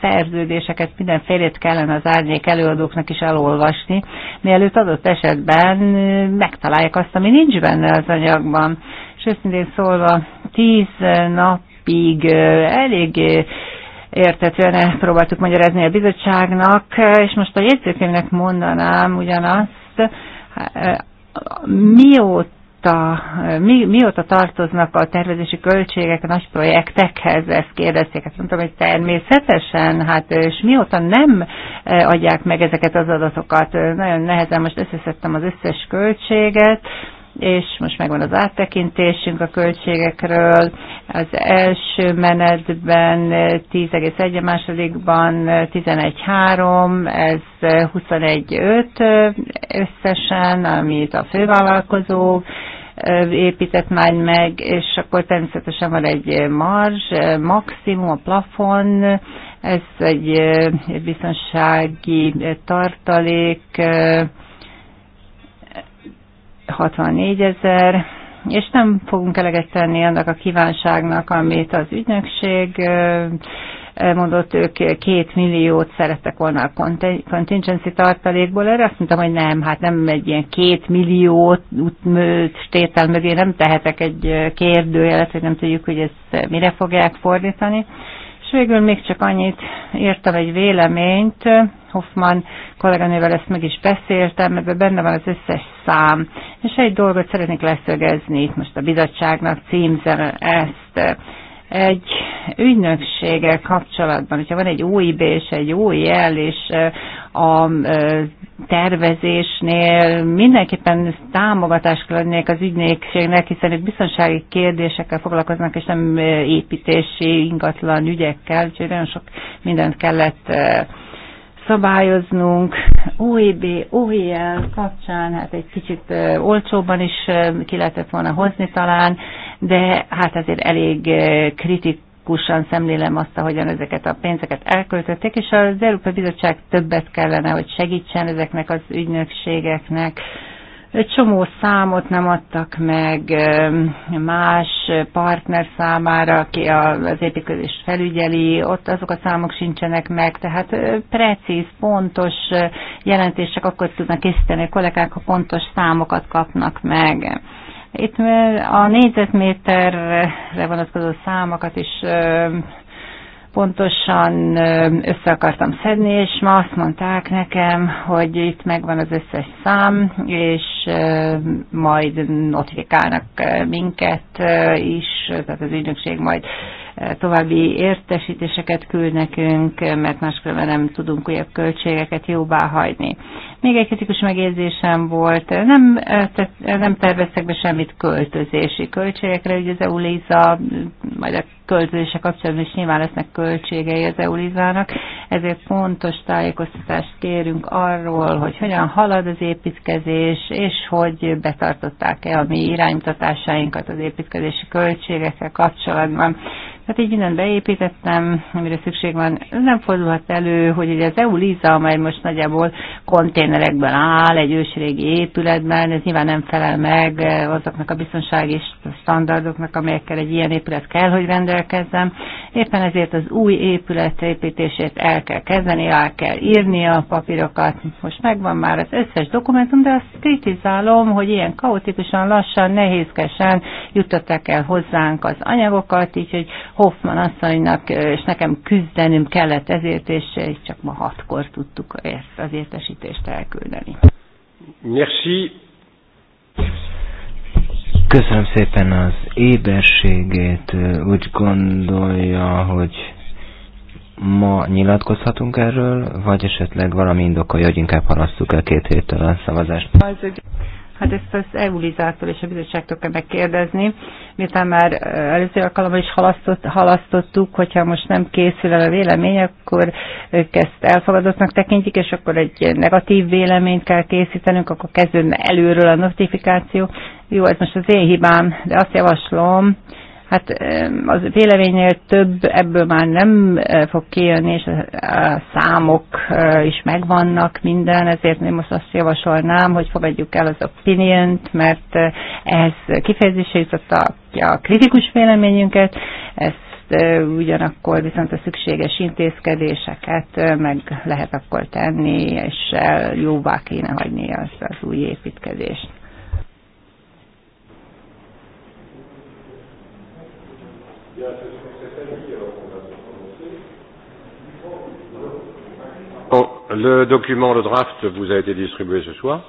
szerződéseket, mindenfélét kellene az árnyék előadóknak is elolvasni, mielőtt adott esetben megtalálják azt, ami nincs benne az anyagban. És őszintén szólva, tíz napig elég értetően ezt próbáltuk magyarázni a bizottságnak, és most a jegyzőkönyvnek mondanám ugyanazt, mióta mióta, mi, mióta tartoznak a tervezési költségek a nagy projektekhez, ezt kérdezték. Hát mondtam, hogy természetesen, hát és mióta nem e, adják meg ezeket az adatokat. Nagyon nehezen most összeszedtem az összes költséget, és most megvan az áttekintésünk a költségekről. Az első menetben 10,1, a másodikban 11,3, ez 21,5 összesen, amit a fővállalkozó épített már meg, és akkor természetesen van egy marzs, maximum, a plafon, ez egy biztonsági tartalék, 64 ezer, és nem fogunk eleget tenni annak a kívánságnak, amit az ügynökség mondott, ők két milliót szerettek volna a contingency tartalékból, erre azt mondtam, hogy nem, hát nem egy ilyen két millió stétel mögé nem tehetek egy kérdőjelet, hogy nem tudjuk, hogy ezt mire fogják fordítani. És végül még csak annyit írtam egy véleményt, Hoffman kolléganővel ezt meg is beszéltem, ebben benne van az összes szám. És egy dolgot szeretnék leszögezni, itt most a bizottságnak címzem ezt, egy ügynökséggel kapcsolatban, hogyha van egy OIB és egy OIL, és a tervezésnél mindenképpen támogatást kell adnék az ügynökségnek, hiszen itt biztonsági kérdésekkel foglalkoznak, és nem építési, ingatlan ügyekkel, úgyhogy nagyon sok mindent kellett szabályoznunk. OEB, OEL kapcsán hát egy kicsit olcsóban is ki lehetett volna hozni talán, de hát azért elég kritik kritikusan szemlélem azt, ahogyan ezeket a pénzeket elköltötték, és az Európai Bizottság többet kellene, hogy segítsen ezeknek az ügynökségeknek, egy csomó számot nem adtak meg más partner számára, aki az építkezést felügyeli, ott azok a számok sincsenek meg, tehát precíz, pontos jelentések akkor tudnak készíteni a kollégák, ha pontos számokat kapnak meg. Itt a négyzetméterre vonatkozó számokat is pontosan össze akartam szedni, és ma azt mondták nekem, hogy itt megvan az összes szám, és majd notifikálnak minket is, tehát az ügynökség majd E, további értesítéseket küld nekünk, e, mert máskülönben nem tudunk újabb költségeket jóvá hagyni. Még egy kritikus megérzésem volt, nem, e, nem terveztek be semmit költözési költségekre, ugye az EULISA, majd a költözése kapcsolatban is nyilván lesznek költségei az EULISA-nak, ezért fontos tájékoztatást kérünk arról, hogy hogyan halad az építkezés, és hogy betartották-e a mi iránymutatásainkat az építkezési költségekkel kapcsolatban. Tehát így mindent beépítettem, amire szükség van. Nem fordulhat elő, hogy ugye az EU Liza, amely most nagyjából konténerekben áll, egy ősrégi épületben, ez nyilván nem felel meg eh, azoknak a biztonsági standardoknak, amelyekkel egy ilyen épület kell, hogy rendelkezzem. Éppen ezért az új épület építését el kell kezdeni, el kell írni a papírokat. Most megvan már az összes dokumentum, de azt kritizálom, hogy ilyen kaotikusan, lassan, nehézkesen juttatták el hozzánk az anyagokat, így hogy Hoffman asszonynak, és nekem küzdenünk kellett ezért, és csak ma hatkor tudtuk ezt az értesítést elküldeni. Merci. Köszönöm szépen az éberségét. Úgy gondolja, hogy ma nyilatkozhatunk erről, vagy esetleg valami indokolja, hogy inkább halasszuk el két héttel a szavazást. Hát ezt az EU-lizától és a bizottságtól kell megkérdezni, miután már előző alkalommal is halasztott, halasztottuk, hogyha most nem készül el a vélemény, akkor ők ezt elfogadottnak tekintjük, és akkor egy negatív véleményt kell készítenünk, akkor kezdődne előről a notifikáció. Jó, ez most az én hibám, de azt javaslom, Hát az véleménynél több ebből már nem e, fog kijönni, és a számok e, is megvannak minden, ezért én most azt javasolnám, hogy fogadjuk el az opinion mert e, ez kifejezésre jutott a kritikus véleményünket, Ezt ugyanakkor viszont a szükséges intézkedéseket meg lehet akkor tenni, és jóvá kéne hagyni az, az új építkezést. Le document, le draft vous a été distribué ce soir.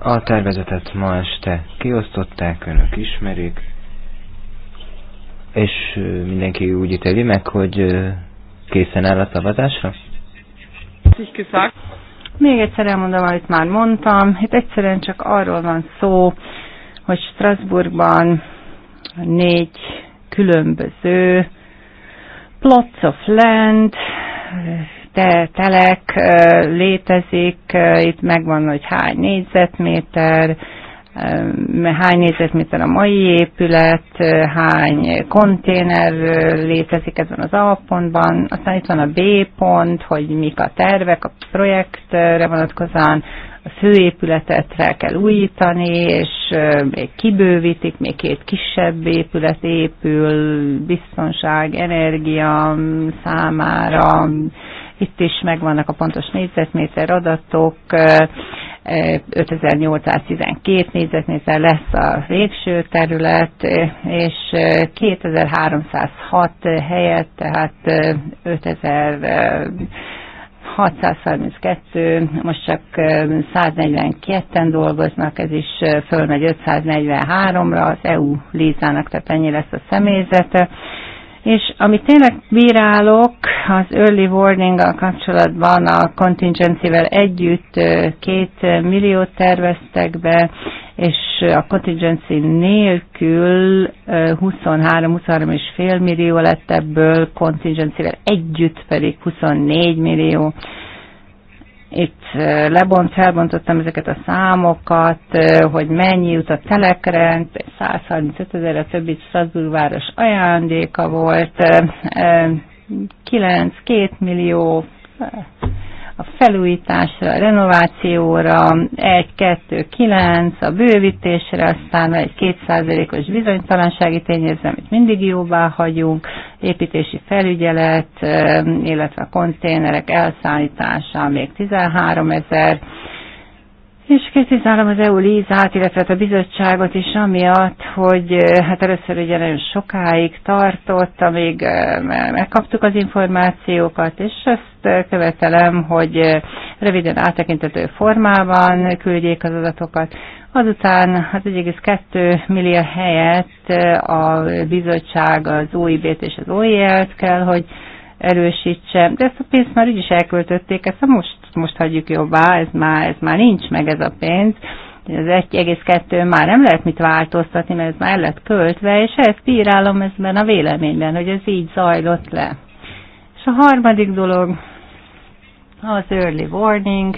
A tervezetet ma este kiosztották, önök ismerik, és mindenki úgy ítéli meg, hogy készen áll a szavazásra? Még egyszer elmondom, amit már mondtam. Itt egyszerűen csak arról van szó, hogy Strasbourgban négy különböző plots of land, te, telek létezik, itt megvan, hogy hány négyzetméter, hány négyzetméter a mai épület, hány konténer létezik ezen az A pontban, aztán itt van a B pont, hogy mik a tervek a projektre vonatkozóan, a főépületet fel kell újítani, és még kibővítik, még két kisebb épület épül, biztonság, energia számára, itt is megvannak a pontos négyzetméter adatok, 5812 négyzetméter lesz a végső terület, és 2306 helyett, tehát 5000 632, most csak 142-en dolgoznak, ez is fölmegy 543-ra, az EU Lizának, tehát ennyi lesz a személyzete. És amit tényleg bírálok, az early warning-gal kapcsolatban a contingency együtt két milliót terveztek be, és a contingency nélkül 23-23,5 millió lett ebből, contingency-vel együtt pedig 24 millió. Itt lebont, felbontottam ezeket a számokat, hogy mennyi jut a telekrend, 135 ezer, a többi Strasbourg város ajándéka volt, 9, 2 millió, a felújításra, a renovációra, 1-2-9, a bővítésre, aztán egy 2%-os bizonytalansági tényező, amit mindig jóvá hagyunk, építési felügyelet, illetve a konténerek elszállítása még 13 ezer és kritizálom az EU lízát, illetve hát a bizottságot is amiatt, hogy eh, hát először ugye nagyon sokáig tartott, amíg eh, megkaptuk az információkat, és ezt eh, követelem, hogy röviden áttekintető formában küldjék az adatokat. Azután hát 1,2 millió helyett a bizottság az OIB-t és az OIL-t kell, hogy erősítse. De ezt a pénzt már úgyis elköltötték, ezt most ezt most hagyjuk jobbá, ez már, ez már nincs meg ez a pénz, az 1,2 már nem lehet mit változtatni, mert ez már el lett költve, és ezt írálom ezben a véleményben, hogy ez így zajlott le. És a harmadik dolog az early warning,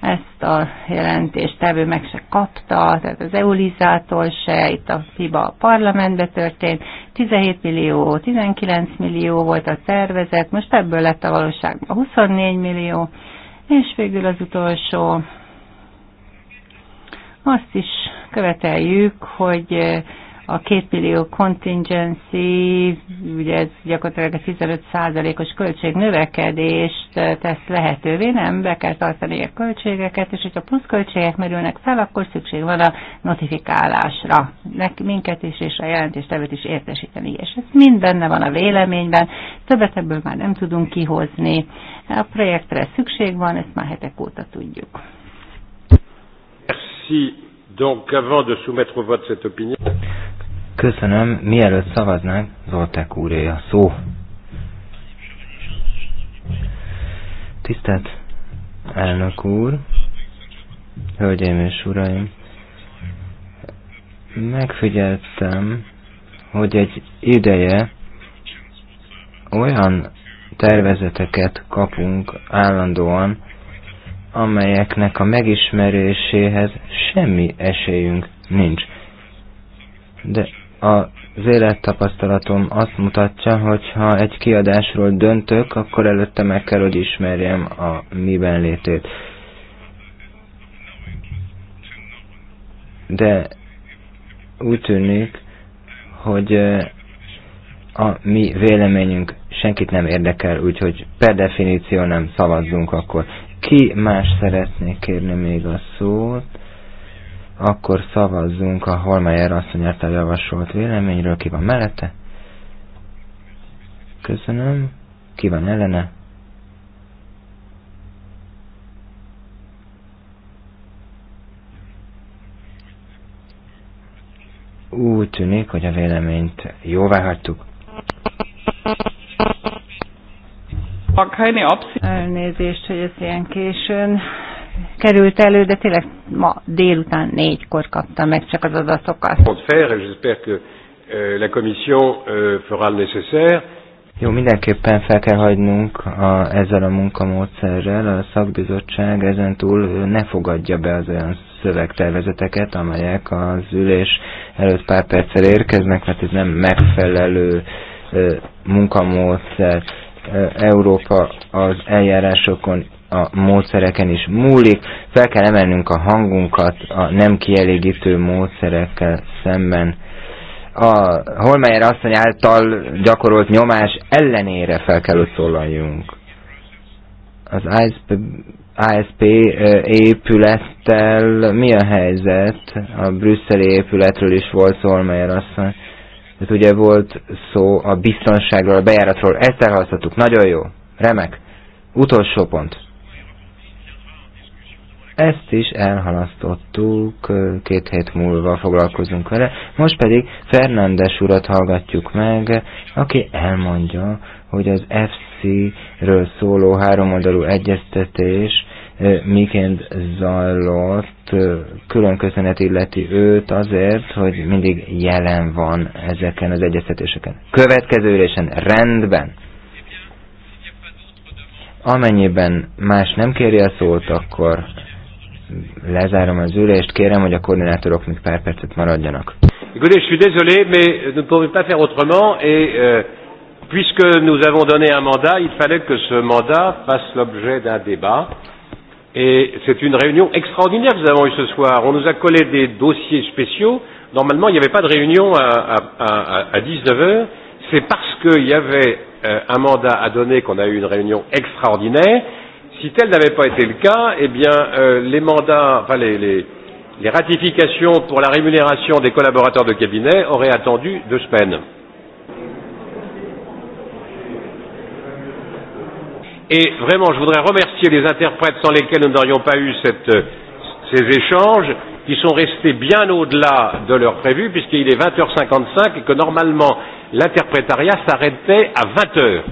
ezt a jelentést tevő meg se kapta, tehát az EULIZától se, itt a fiba a parlamentbe történt, 17 millió, 19 millió volt a tervezet, most ebből lett a valóság, 24 millió, és végül az utolsó. Azt is követeljük, hogy a két millió contingency, ugye ez gyakorlatilag a 15 százalékos költségnövekedést tesz lehetővé, nem be kell tartani a költségeket, és hogyha plusz költségek merülnek fel, akkor szükség van a notifikálásra. Nek, minket is, és a jelentéstevőt is értesíteni, és ez mind benne van a véleményben, többet ebből már nem tudunk kihozni. A projektre szükség van, ezt már hetek óta tudjuk. Merci. Donc, avant de soumettre au vote cette opinion. Köszönöm. Mielőtt szavaznánk, Zoltek úré a szó. Tisztelt elnök úr, hölgyeim és uraim, megfigyeltem, hogy egy ideje olyan tervezeteket kapunk állandóan, amelyeknek a megismeréséhez semmi esélyünk nincs. De az élettapasztalatom azt mutatja, hogy ha egy kiadásról döntök, akkor előtte meg kell, hogy ismerjem a miben létét. De úgy tűnik, hogy eh, a mi véleményünk senkit nem érdekel, úgyhogy per definíció nem szavazzunk akkor. Ki más szeretné kérni még a szót? Akkor szavazzunk a Holmeyer asszony által javasolt véleményről. Ki van mellette? Köszönöm. Ki van ellene? Úgy tűnik, hogy a véleményt jóvá hagytuk. Elnézést, hogy ez ilyen későn került elő, de tényleg ma délután négykor kaptam meg csak az adatokat. Euh, euh, Jó, mindenképpen fel kell hagynunk a, ezzel a munkamódszerrel, a szakbizottság ezentúl ne fogadja be az olyan szövegtervezeteket, amelyek az ülés előtt pár perccel érkeznek, mert ez nem megfelelő munkamódszer. Európa az eljárásokon a módszereken is múlik. Fel kell emelnünk a hangunkat a nem kielégítő módszerekkel szemben. A Holmeyer asszony által gyakorolt nyomás ellenére fel kell, hogy szólaljunk. Az ISP, ISP épülettel mi a helyzet? A brüsszeli épületről is volt szó, Holmeyer asszony. Tehát ugye volt szó a biztonságról, a bejáratról, ezt elhasználtuk. nagyon jó, remek. Utolsó pont. Ezt is elhalasztottuk, két hét múlva foglalkozunk vele. Most pedig Fernándes urat hallgatjuk meg, aki elmondja, hogy az FC-ről szóló háromoldalú egyeztetés miként zajlott, külön köszönet illeti őt azért, hogy mindig jelen van ezeken az egyeztetéseken. Következő ülésen rendben. Amennyiben más nem kéri a szót, akkor lezárom az ülést, kérem, hogy a koordinátorok még pár percet maradjanak. Écoutez, je suis désolé, mais nous ne pouvons pas faire autrement, et euh, puisque nous avons donné un mandat, il fallait que ce mandat fasse l'objet d'un débat. Et c'est une réunion extraordinaire que nous avons eue ce soir. On nous a collé des dossiers spéciaux. Normalement, il n'y avait pas de réunion à, à, à, à 19 heures. C'est parce qu'il y avait euh, un mandat à donner qu'on a eu une réunion extraordinaire Si tel n'avait pas été le cas, eh bien, euh, les mandats, enfin, les, les, les ratifications pour la rémunération des collaborateurs de cabinet auraient attendu deux semaines. Et vraiment, je voudrais remercier les interprètes sans lesquels nous n'aurions pas eu cette, ces échanges, qui sont restés bien au-delà de leur prévu, puisqu'il est 20h55 et que normalement l'interprétariat s'arrêtait à 20h.